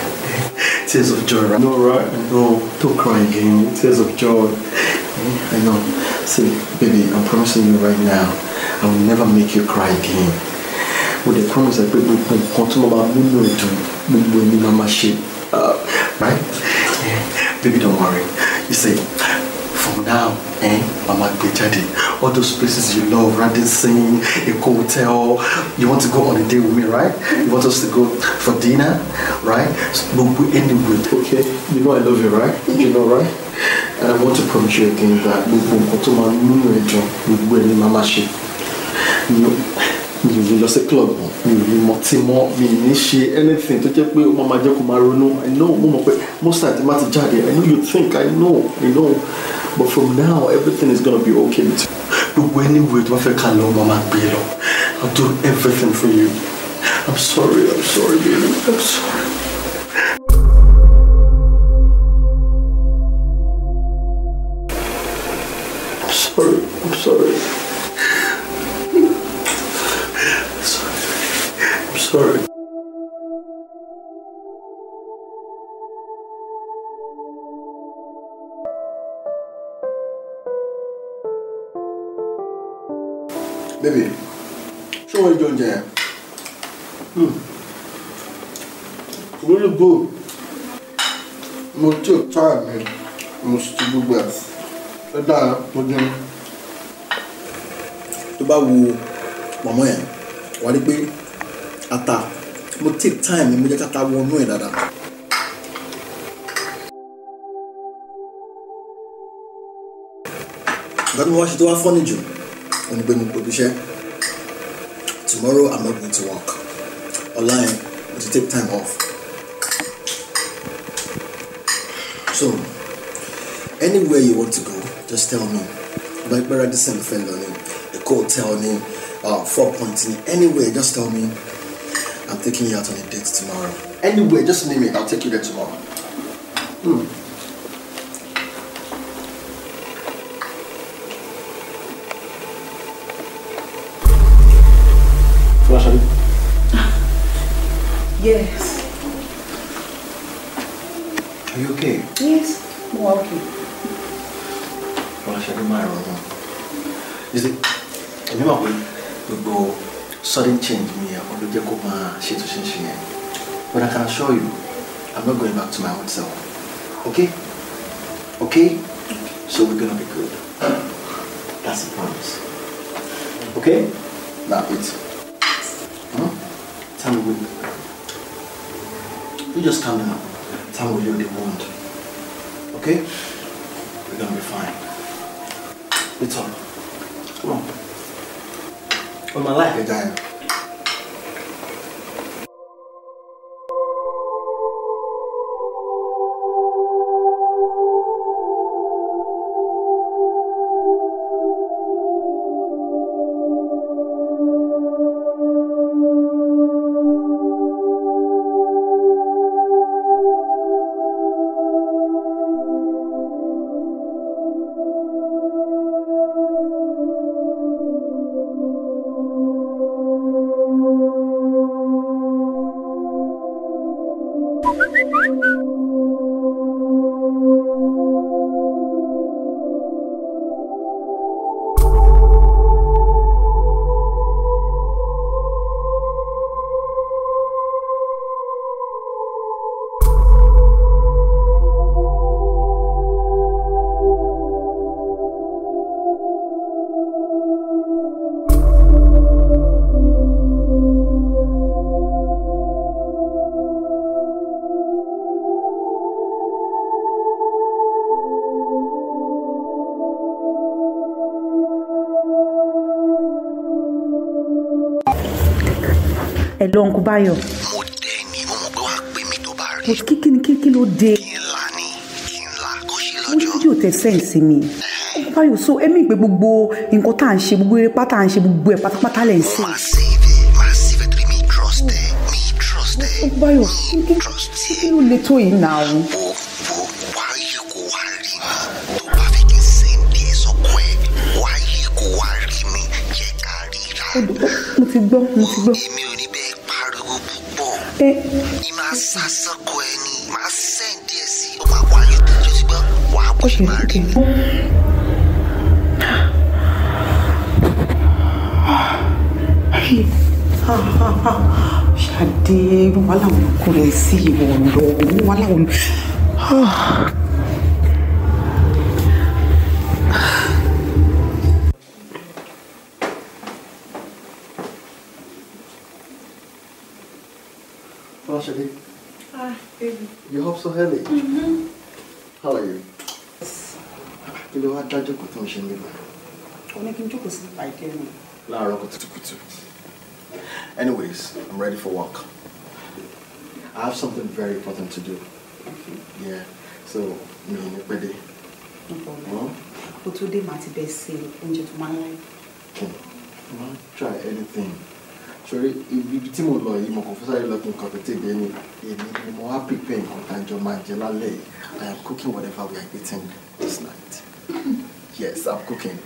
Speaker 2: Tears of joy, right? No, right? No, don't cry again. Tears of joy. Eh, I know. See, baby, I'm promising you right now, I will never make you cry again. With the promise I put you on continue my moon to moon my machine. Right? Eh, baby, don't worry. You see, now, eh? Mama Bejade, all those places you love, Radisson, a hotel. You want to go on a date with me, right? You want us to go for dinner, right? So we'll go anywhere. Okay, you know I love you, right? You know, right? And I want to promise you again that we will go to my new job, we will be mama ship. You know, mi ò ní club mọ́ mi ò ní mọtí mọ́ mi ò ṣe anything tó jẹ́ pé ó máa jẹ́ kó máa ronú i know mo mọ̀ pé most times má ti jáde i know you think i know i know but from now everything is gonna be okay with you gbogbo anyway tó bá fẹ́ ká lọ máa gbé lọ i'll do
Speaker 1: everything for you i'm sorry i'm sorry baby i'm sorry. I'm sorry. I'm sorry. sorry. Baby, show
Speaker 2: me your jam. Hmm. Really good. Mo tí ò tá mi, mo sì ti gbogbo ẹ̀. Ẹ dára, mo jẹun. Tó bá wo mọ̀mọ́ yẹn, wọ́n rí pé ata mo take time mo jẹ́ káta wọnú ẹ̀ dáadáa. gbàdúrà wá ṣe tó wá fọ́nì jù òun gbé mi pẹ̀lú iṣẹ́ tomorrow i'm not going to work ọ̀la yẹn mo ti take time off. so anywhere you want to go just tell me My like gbẹ́rẹ́ dísẹ́ǹfẹ́ lọ ní Èkó hotel ní uh, four point ní anywhere just tell me. I'm taking you out on a date tomorrow. Anyway, just name it. I'll take you there tomorrow. Hmm.
Speaker 4: Yes. Are you okay? Yes, I'm okay.
Speaker 2: Well, I should admire her. You see, I remember when we go sudden change mi àwọn ló jẹ́ kó tó but I can assure you I'm not going back to my old self okay okay so we're gonna be good that's the promise okay now it hmm? tell me we you just calm down tell me what you're okay we're gonna be fine it's all come on for my life.
Speaker 4: Dọ́nkú Báyọ̀. Mo dẹ̀ ní mo mọ̀ pé wàá pè mí tó bá rí. Kò kí kí ni kí kí ló dé? Kí n la ni, kí n la, kó ṣe lọ́jọ́. Mo ní fídíò tẹ sẹ́ǹsì mi. Dọ́nkú Báyọ̀ so ẹ̀mí ìgbé gbogbo nǹkan tá à ń ṣe gbogbo eré pátá à ń ṣe gbogbo ẹ̀ pátápátá lẹ̀ ń sè. Màá sí ibẹ̀, màá sí ibẹ̀ torí mi trust ẹ̀, mi trust ẹ̀. Dọ́nkú Báyọ̀ kí ló le tó yìí nà án? mo ti gbọ́ mo ti gbọ́ ẹ. ni màá sá sọ́kọ ẹ ni màá sẹ́ǹdì ẹ̀ sí ọ máa wà ní ìtẹ́jọ́ ti gbọ́ wà á kó ṣe máa ṣàdé wọn wà láwọn ọkùnrin sí ìwọ̀n lọ wọn wà
Speaker 1: ah.
Speaker 2: ṣáà jókòó tó ń ṣe o ní kí n jókòó sí ipa ìdí ẹnu. láàárọ̀ anyways i'm ready for work i have something very important to do yeah so mi ò ní pẹ́ dé. o tó dé màá ti bẹ́ẹ̀ ṣe oúnjẹ tó máa ń láì. Hmm. máa try anything sori ibi tí mo lọ yìí mo kàn fún sáré lọkùn kan tó tèbi ẹni èmi ni mo wá pípẹ́ nǹkan tá a jọ máa jẹ lálẹ́ yìí i am cooking whatever we are eating this night. Yes, I'm cooking.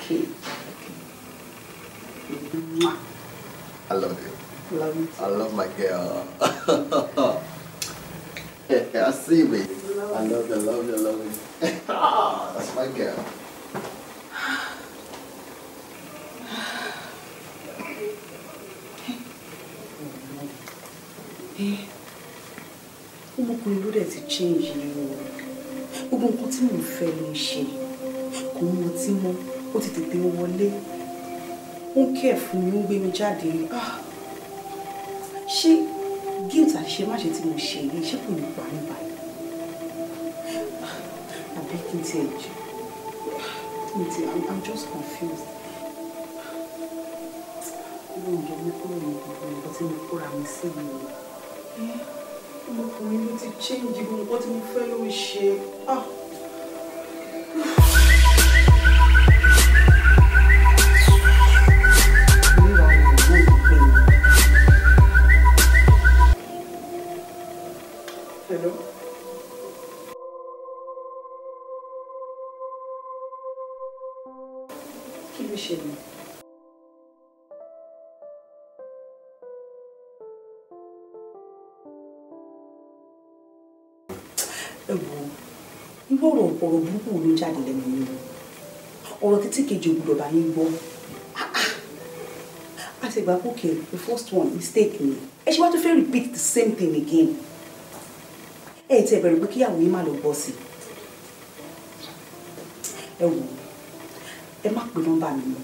Speaker 2: Okay. okay. I love you. Love you too. I love my girl. yeah, I see me. Love I love you, love you, love you. Ah, that's my girl.
Speaker 4: ọmọkùnrin ló dẹ̀ ti change yìí o gbogbo nǹkan tí mò ń fẹ́ ló kò ní ọtí mọ́ ó ti tètè wọlé ó ń kẹ́ fún mi ó ń gbé mi jáde ah! ṣé guilt àṣẹ má ṣe tí mo ṣe yìí ṣé kò ní pa mí báyìí ah! àbí kí n tiẹ̀ jẹ́ ah! kí n tiẹ̀ I'm just confused. Ilé ìjọ mi kúrò ní gbogbo nǹkan tí mo kóra mi sí mi. Eh! Ọmọkùnrin mi ti change gbogbo nǹkan tí mo fẹ́ ló ń ṣe. ọ̀rọ̀ burúkú ló jáde lẹ́nu mi ọ̀rọ̀ títí kejì ògbúdọ̀ bá yín gbọ́ àtìgbà kókè the first one mistake ni ẹ ṣe wá tó fẹ́ repeat the same thing again ẹ ti ẹ bẹ̀rù pé kíyàwó yín má lọ bọ́ sí ẹ wò ẹ má pe nọ́mbà mi mọ́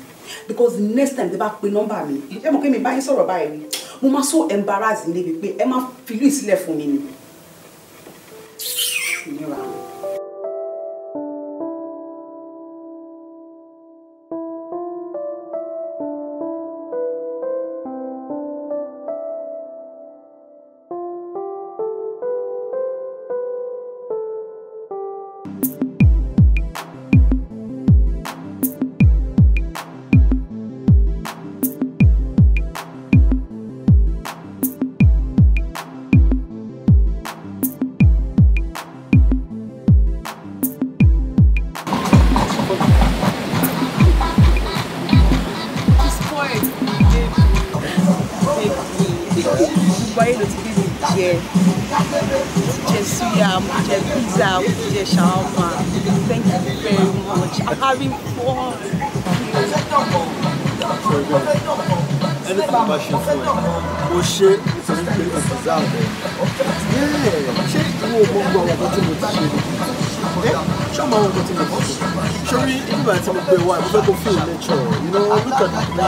Speaker 4: because the next time tẹ bá pe nọ́mbà mi ẹ mọ̀ pé mi bá yín sọ̀rọ̀ báyìí mo máa so embarrassed níbi pé ẹ má fi lù sílẹ̀ fún mi ni.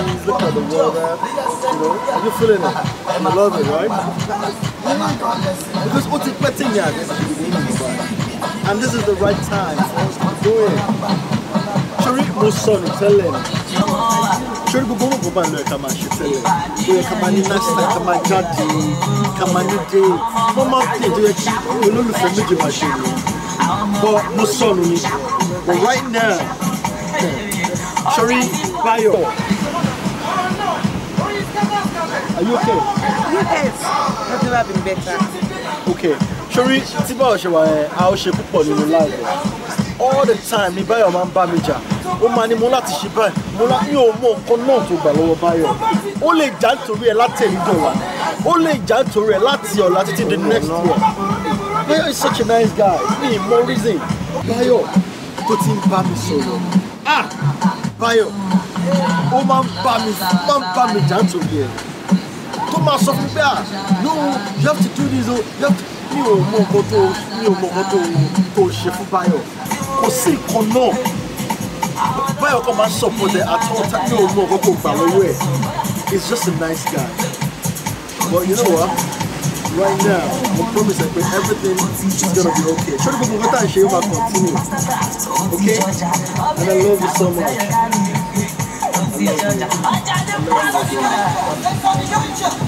Speaker 2: look at the water, you know, you're feeling it. You love it, right? Because what's it betting yet? And this is the right time for us to do it. tell him. Shuri Gubomo Goba no Kama, she tell him. We are Kamani Nasta, Kamani Kati, Kamani Day. Mama, you know, for me, you machine. But Musoni, but right now, Shuri Bayo. Are you okay?
Speaker 4: Yes. I've never been better.
Speaker 2: Okay. Ṣorí tí báwo ṣe wà yẹn, a ó ṣe púpọ̀ nínú láàyè. All the time ni Báyọ̀ máa ń bá mi jà. Ó máa ní mo láti ṣe báyìí. Mo lá mi ò mọ nǹkan náà tó gbà lọ́wọ́ Báyọ̀. Ó lè jà nítorí ẹ̀ láti ẹ̀rí dọ̀la. Ó lè jà nítorí ẹ̀ láti ọ̀la títí the next year. Bayo is such a nice guy. Mi ì reason. Bayo, tó ti ń bá mi sọ̀rọ̀. Ah! Bayo. ó máa ń bá mi máa ń bá mi jà nítorí ẹ̀ tó máa sọ fún pé à ah, no you have to do this o oh, you have to mi ò mọ nǹkan tó mi ò mọ nǹkan tó tó ṣe fún Báyọ̀ kò sí nǹkan náà Báyọ̀ kan máa ń support ẹ̀ at all mi ò mọ nǹkan tó gbà lọ́wọ́ ẹ̀ he's just a nice guy but you know what right now I promise ẹ pé everything is gonna be okay ṣé gbogbo nǹkan tá à ń ṣe yóò continue okay and I love
Speaker 4: you so much. I love you. I
Speaker 1: love you.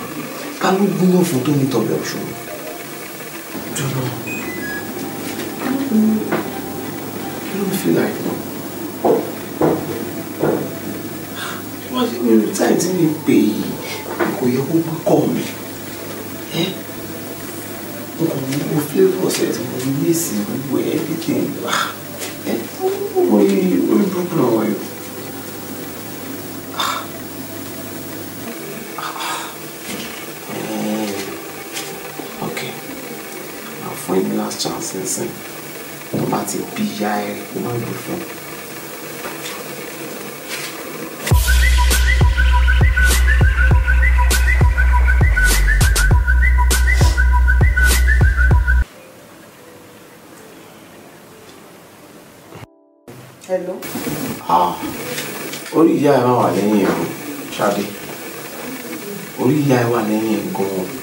Speaker 2: ta ló gbúlò fún tó ní tọ̀bẹ̀ ọ̀ṣun dúró kí ló ń fi láì lọ. wọ́n ti ní táì tí mi pè yìí kò yẹ kó gbé kọ́ mi n kò ní kó flavour ọ̀sẹ̀ tí mo ní èsì gbogbo ẹ̀ bí kí n wà ẹ̀ fún gbogbo yìí orí burúkú náà wáyé. nísinsìn tó bá ti bí ya ẹ má lò fún un. Hello. Ah, orí ìyá ẹ máa wà lẹ́yìn ẹ̀ o, Ṣadé. Orí ìyá ẹ wà lẹ́yìn ẹ̀ gan-an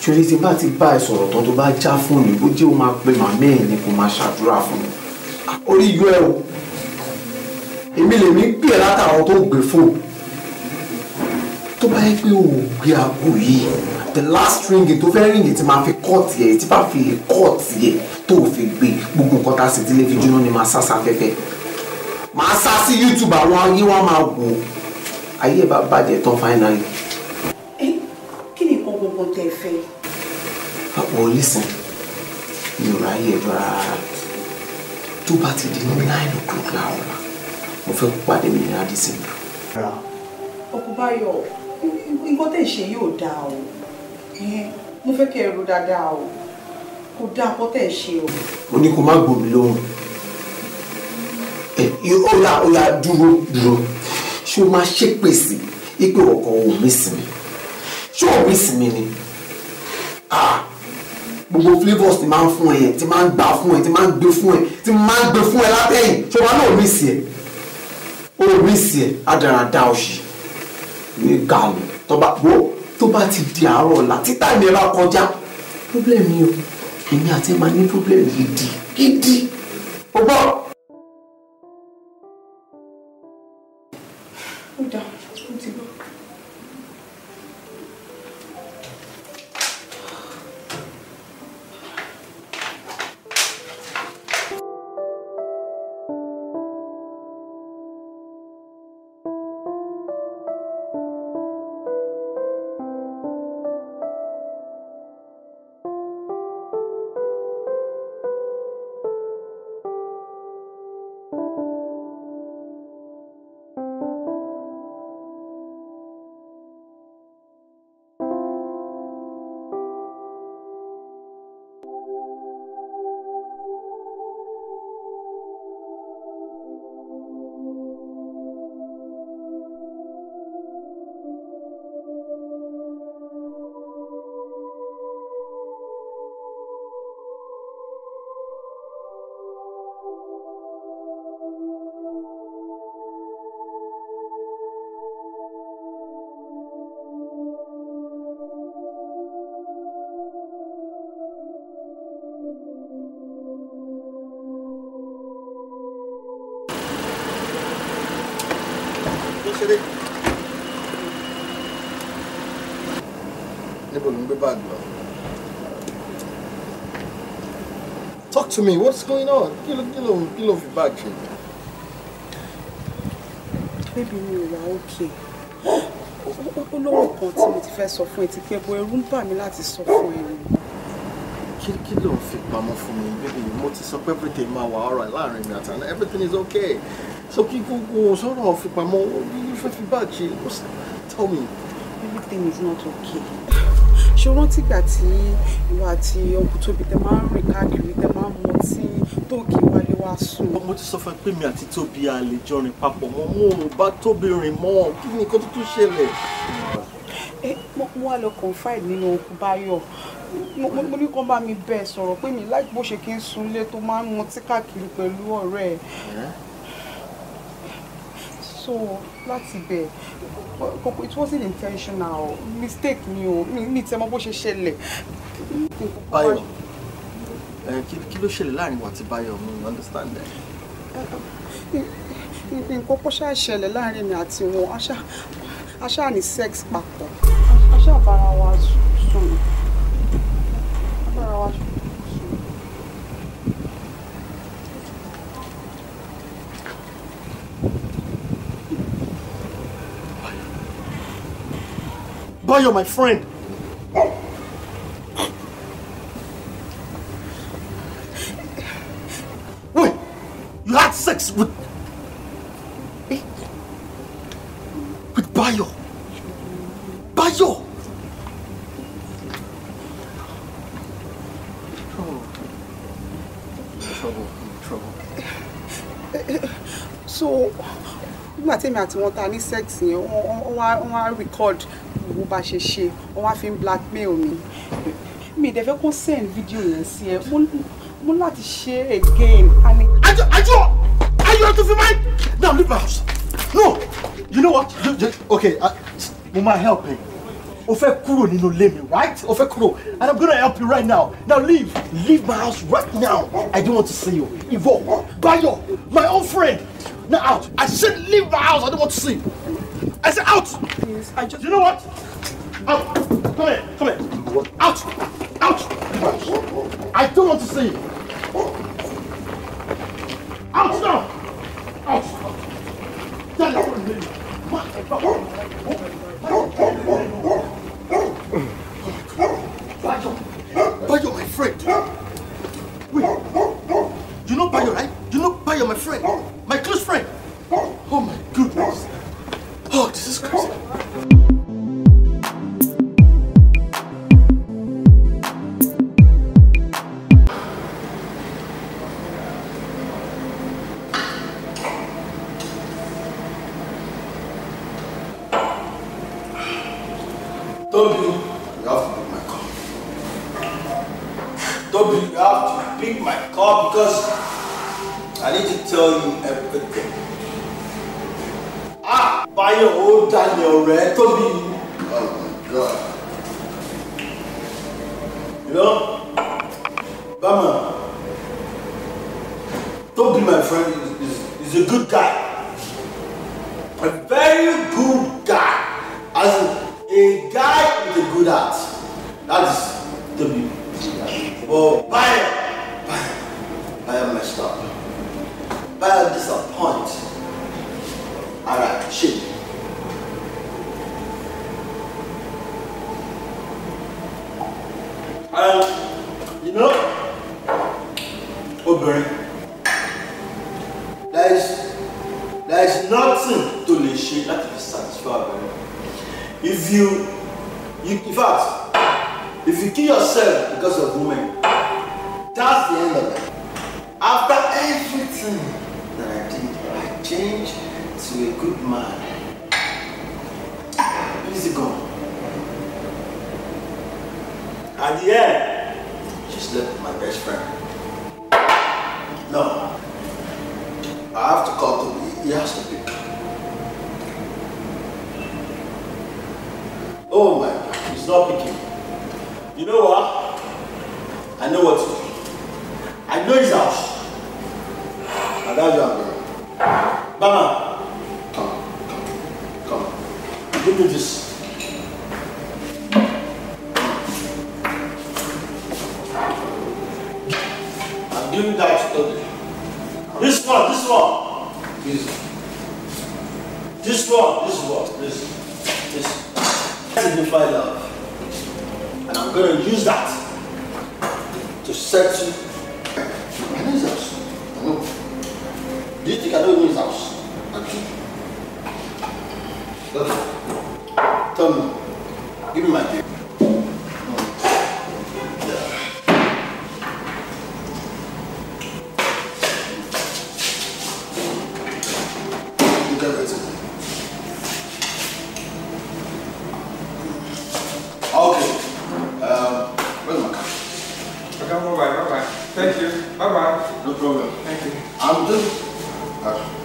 Speaker 2: ṣòrí tí bá ti bá ẹ sọ̀rọ̀ tán tó bá já fóònù bó jẹ́ o máa pe màmá ẹ̀ ni kò máa ṣàdúrà fún mi orí yọ ẹ o èmi lèmi pè é látàwọn tó gbé fóònù tó bá yẹ pé o ò gbé aago yìí the last ring tó fẹ́ ring tí máa fi kọ́ọ̀tì ẹ̀ tí bá fi kọ́ọ̀tì ẹ̀ tó o fi gbé gbogbo nǹkan tá a sì ti lè fi jóná ni máa sá sáfẹ́fẹ́ máa sá sí YouTube àwọn ayé wa máa wò ayé bá bàjẹ́ tán finally. bọ̀ lísìn mi ò ráyè ẹjọ́ rárá tó bá ti di nine o'clock láwọn ọ̀la
Speaker 3: mo fẹ́ pàdé mi ní adisi mi.
Speaker 4: ọkùnbáyọ̀ nǹkan tẹ̀ ṣe yóò dáa o mo fẹ́ kí ẹ ro dáadáa o kò dáa kó tẹ̀ ṣe o.
Speaker 3: mo ní kó má gbòmí lóhùn ó yà
Speaker 2: ó yà dúró dúró ṣé o máa ṣépè sí i pé ọkọ ò mí sinmi ṣé ò mí ni. Ah gbogbo flavours ti máa ń fún ẹ ti máa ń gbà fún ẹ ti máa ń gbé fún ẹ ti máa ń gbé fún ẹ látẹ̀yìn ṣọba náà rí sí ẹ ó rí sí ẹ adarada ọ̀sì ní gàlù tọba wo tó bá ti di àárọ̀ ọ̀la títà ní ẹ bá kọjá problem yìí o èmi àti ẹ
Speaker 1: máa ní problem gidi gidi
Speaker 2: ó gbọ́. to me. What's going on? Kí ló kí of your ló fi bag ṣe. Bébí mi ò wá òkè. Olówó kan tí mo ti fẹ́ sọ fún ẹ ti pé bo ẹrú ń bà mí láti sọ fún ẹ. Kí kí ló fi pamọ́ fún mi? Bébí mo ti sọ pé everything máa wà ọ̀rọ̀ láàrin mi Everything is okay. So kí gbogbo sọ̀rọ̀ fipamọ́ bí fẹ́ fi bag Tell me. Everything is
Speaker 4: not okay ṣé o rántí ìgbà tí ìwà àti ọkù tóbi tẹ máa ń rìn káàkiri tẹ máa ń mọ tí tó kì í
Speaker 2: wálé wá sùn. ọmọ ti sọ fún ẹ pé mi àti tóbi a lè jọ rìn papọ̀ mọ́ mo ò bá tóbi rìn mọ́ kí ni kó tuntun ṣẹlẹ̀. ẹ
Speaker 4: mo wá lọ confide nínú okùn báyọ̀ mo ní kó bá mi bẹ́ẹ̀ sọ̀rọ̀ pé mi láì bó ṣe kí n sunlé tó máa ń mutí káàkiri pẹ̀lú ọ̀rẹ́ ẹ̀ so láti bẹ̀ẹ̀ kókó it wasn't intentional
Speaker 2: mistake mi o mi tẹ́ mọ̀ bó ṣe ṣẹlẹ̀. Báyọ̀ kí ló ṣẹlẹ̀ láàrin wa àti Báyọ̀ mi understand that.
Speaker 4: nǹkan kó ṣáà ṣẹlẹ̀ láàrin mi àti wọn aṣáà ní sex papọ̀ aṣáà bára wa sùn bára wa sùn.
Speaker 2: Bayo, my friend. Wait, you had sex with... With Bayo. Bayo!
Speaker 1: Trouble. Trouble.
Speaker 4: Trouble. So, nígbà tí èmi àti wọn ta ní sex yẹn wọ́n wá record wo bá ṣe ṣe wọn wá fi ń blackmail mi mi ì dẹ̀fẹ́ kó send video yẹn sí ẹ
Speaker 2: mo láti ṣe
Speaker 4: again. àjọ àjọ
Speaker 2: ayọ̀ tó fi máa now leave my house no you know what you, you, okay uh, mo máa help ẹ o fẹ́ kúrò nínú ilé mi right o fẹ́ kúrò and i'm gonna help you right now now leave leave my house right now i don't want to see you ivo bayo my own friend now out i said leave my house i don't want to see you i said out yes, I just... you know what. Out! Come here! Come here! Out! Out! I don't want to see you! good guy
Speaker 1: Action.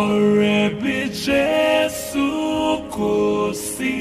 Speaker 3: ọ̀rẹ́ bí Jésù kò sí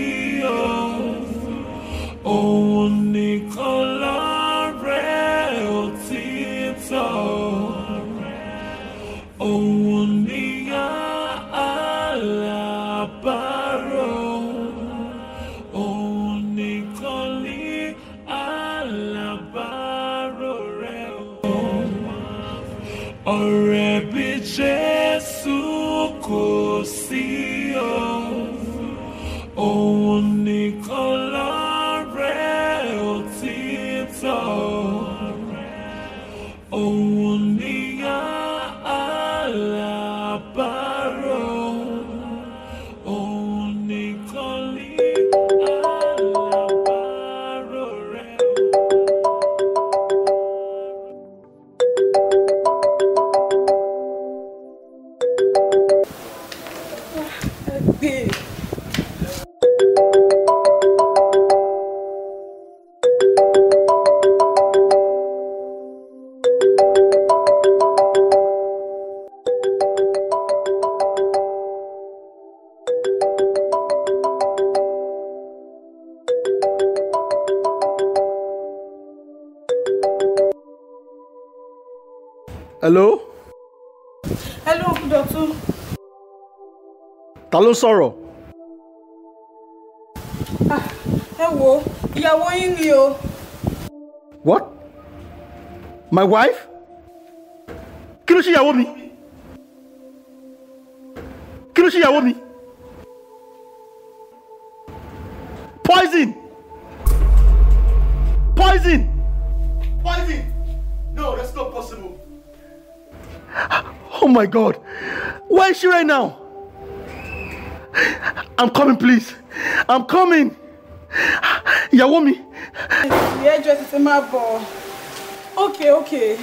Speaker 2: ló sọ̀rọ̀.
Speaker 4: Hello, ah, wo ìyàwó yín ni o.
Speaker 2: what my wife kí ló ṣe ìyàwó mi mi poison poison poison no that's not possible. oh my god where is she right now. I'm coming, please. I'm coming. Ìyàwó
Speaker 4: The address is in my bọ̀. Okay, okay.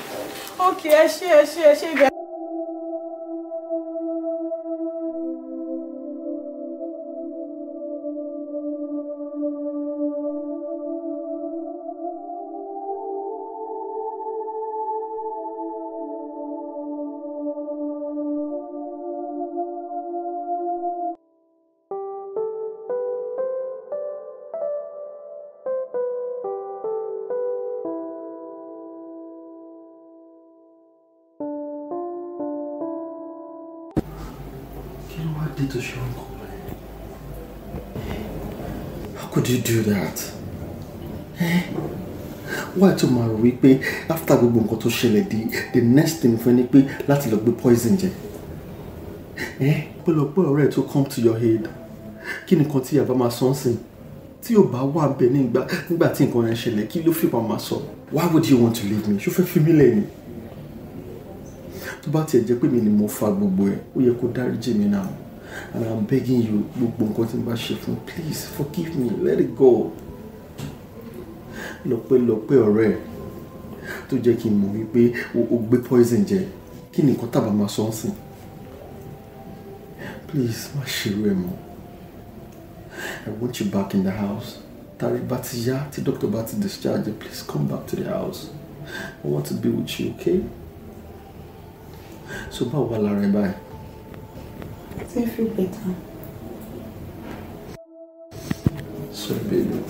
Speaker 4: Okay, I ṣé,
Speaker 1: I ṣé, I ṣé. did to Sean
Speaker 2: How could you do that? Eh? Why tomorrow, máa rò after we nǹkan to ṣẹlẹ̀ di the next thing fún ni pé láti lọ poison Eh? Pẹ̀lọpẹ̀ ọ̀rẹ́ ẹ̀ tó come to your head. Kí ni nǹkan tí yàrá máa sọ ń ba? Tí ò bá wà bẹ̀ nígbà nígbà tí nǹkan yẹn ṣẹlẹ̀ kí ló fìbọn máa Why would you want to leave me? Ṣé o fi mí lẹ̀ ni? Tó bá tiẹ̀ jẹ́ pé mi ni mo fa gbogbo ẹ̀, ó yẹ kó dáríjì mi náà and i'm begging you gbogbo nǹkan tí n bá ṣe fún please forgive me let it go lọ́pẹ́lọpẹ́ ọ̀rẹ́ tó jẹ́ kí n mọ̀ wípé o gbé poison jẹ kí ni nǹkan tábà máa sọ ọ́ sìn please má ṣerú ẹ̀ mọ́ i want you back in the house tari bá ti yá tí doctor bá ti discharge you please come back to the house i want to be with you okay so báwo wà lára ẹ báyìí
Speaker 4: starting to feel better.
Speaker 1: So, baby.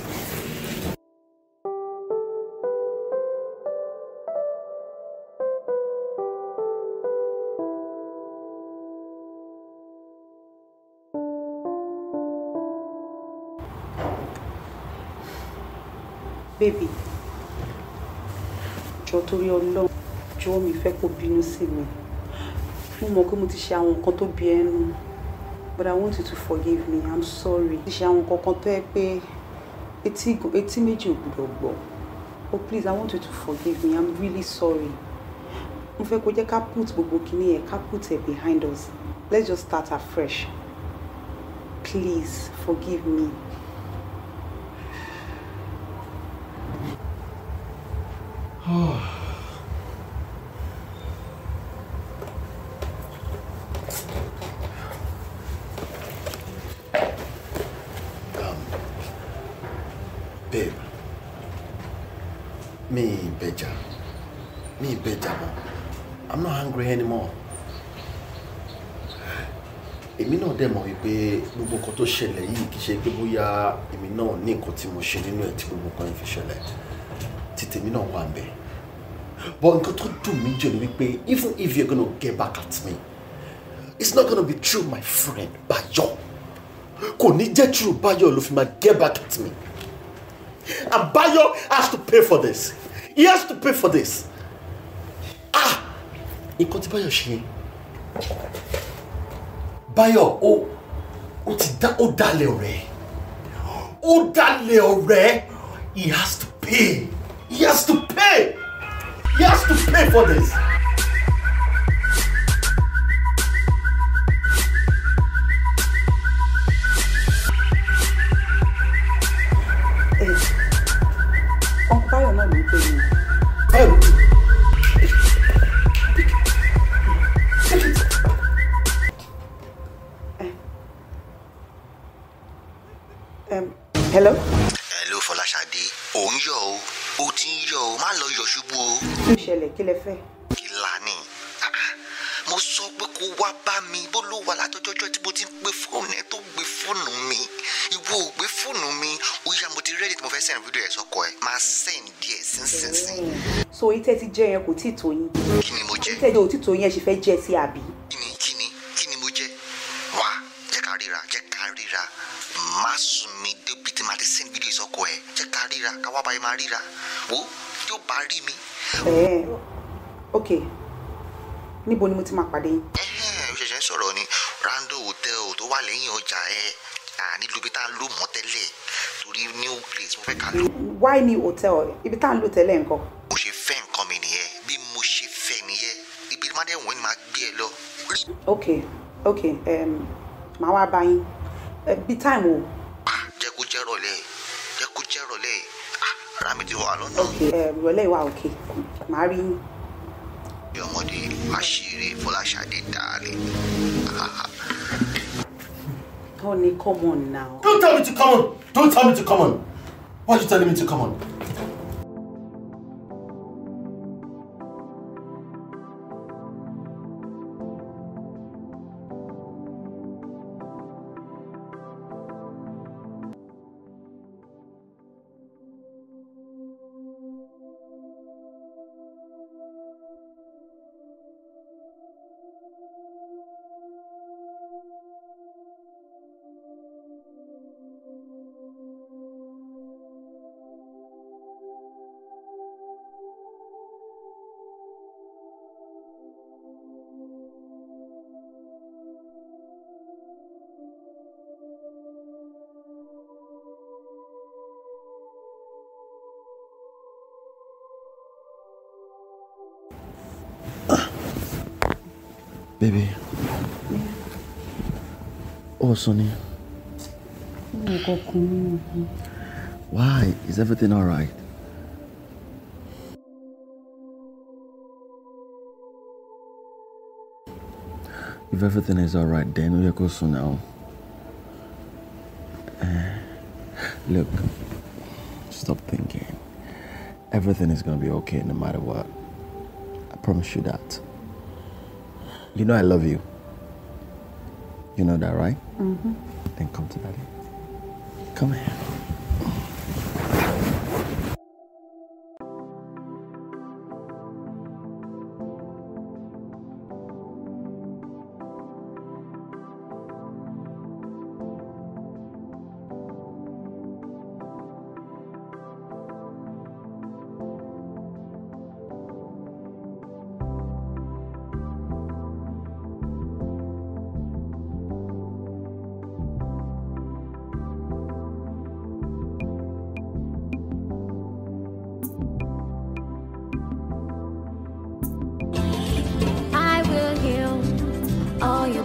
Speaker 4: Baby, jọ torí Ọlọ́run jọ mi fẹ́ kó bínú sí mi. Mo mọ̀ pé mo ti ṣe àwọn nǹkan tó bí ẹnu but I want you to forgive me I'm sorry. ṣe àwọn kankan tó yẹ pé etí etí méjì ò gbọdọ̀ gbọ́ oh please I want you to forgive me I'm really sorry. mo fẹ́ kó jẹ́ ká put gbogbo kinní yẹn ká put it behind us let's just start afresh please forgive me.
Speaker 1: Oh.
Speaker 2: ìbẹjà me ìbẹjà i'm not hungry anymore èmi náà dẹ̀ mọ̀ wípé gbogbo nǹkan tó ṣẹlẹ̀ yìí kì í ṣe pé bóyá èmi náà ní nǹkan tí mo ṣe nínú ẹ̀ tí gbogbo nǹkan yìí fi ṣẹlẹ̀ tí tèmi náà wà ńbẹ̀ but nǹkan tó dùn mí jù ni wípé even if you're going to get back at me it's not going to be true my friend Báyọ̀ kò ní jẹ́ true Báyọ̀ ló fi máa get back at me and Bayo has to pay for this he has to pay for this ah nǹkan tí báyọ̀ ṣe báyọ̀ ó ó ti dá ó dalẹ̀ ọ̀rẹ́ ó dalẹ̀ ọ̀rẹ́ he has to pay he has to pay he has to pay for this.
Speaker 4: tún ṣẹlẹ̀ kí lẹ fẹ́.
Speaker 5: ìlànà ah, mo sọ pé kó wá bá mi bó ló wà látọjọjọ tí mo ti ń pe fóònù ẹ tó gbé fóònù mi ìwọ ò gbé fóònù mi ó yá mo ti rẹ́dí tí mo fẹ́ sẹ́yìn fídíò ẹ̀ sọkọ ẹ̀ máa sẹ́yìn díẹ̀ sínsìnsìn.
Speaker 4: Mm. so ìtẹ́ ti jẹ́ yẹn kò tí ì tó yín. kí ni mo jẹ. ìtẹ́ yẹn ò tí ì tó yín ẹ ṣe fẹ́ jẹ sí àbí. kí ni kí ni kí ni mo jẹ wá jẹ́ ká
Speaker 5: ríra jẹ́ ká ríra má sùn mí débi tí màá ti sẹ́yìn fídíò ìsọkọ ẹ̀ jẹ́ ká ríra káwá báyìí má ríra wo yóò bá rí mi
Speaker 4: ẹ ok níbo ni mo ti máa pàdé yín.
Speaker 5: ó ṣẹ̀ṣẹ̀ ń ni, rando hotel tó wà lẹ́yìn ọjà ẹ nílùú ibi tá a lò mọ́ tẹ́lẹ̀ torí new place mo fe ká lò.
Speaker 4: why ni hotel ibi tá a lò tẹ́lẹ̀ nǹkan.
Speaker 5: mo ṣe fẹ́ nǹkan mi nìyẹn bí mo ṣe fẹ́ nìyẹn ibi má dẹ̀ wọ́n ni màá gbé ẹ lọ.
Speaker 4: ok ok um, màá wá bá yín bí táìmù o.
Speaker 5: Ah, jẹ́ kó jẹ́ rọ̀lẹ́ jẹ́ kó jẹ́ rọ̀lẹ́ Ramidi wà lọ́nà.
Speaker 4: ìrọ̀lẹ́ ìwà òkè màá rí yín.
Speaker 5: bí ọmọdé
Speaker 2: àṣírí Fọláṣadé dáre.
Speaker 4: Honey, come on now.
Speaker 2: Don't tell me to come on. Don't tell me to come on. Why are you telling me to come on? else Why? Is everything alright? If everything is alright, then we are go soon now. Uh, look, stop thinking. Everything is gonna be okay no matter what. I promise you that. You know I love you. You know that, right? Mm -hmm. Then come to daddy. Come here.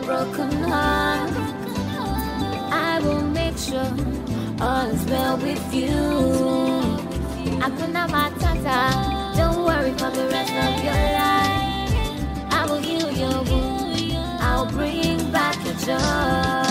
Speaker 7: broken heart. I will make sure all is well with you. Akuna Matata, don't worry for the rest of your life. I will heal your wound, I'll bring back your joy.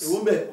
Speaker 2: eu vou ver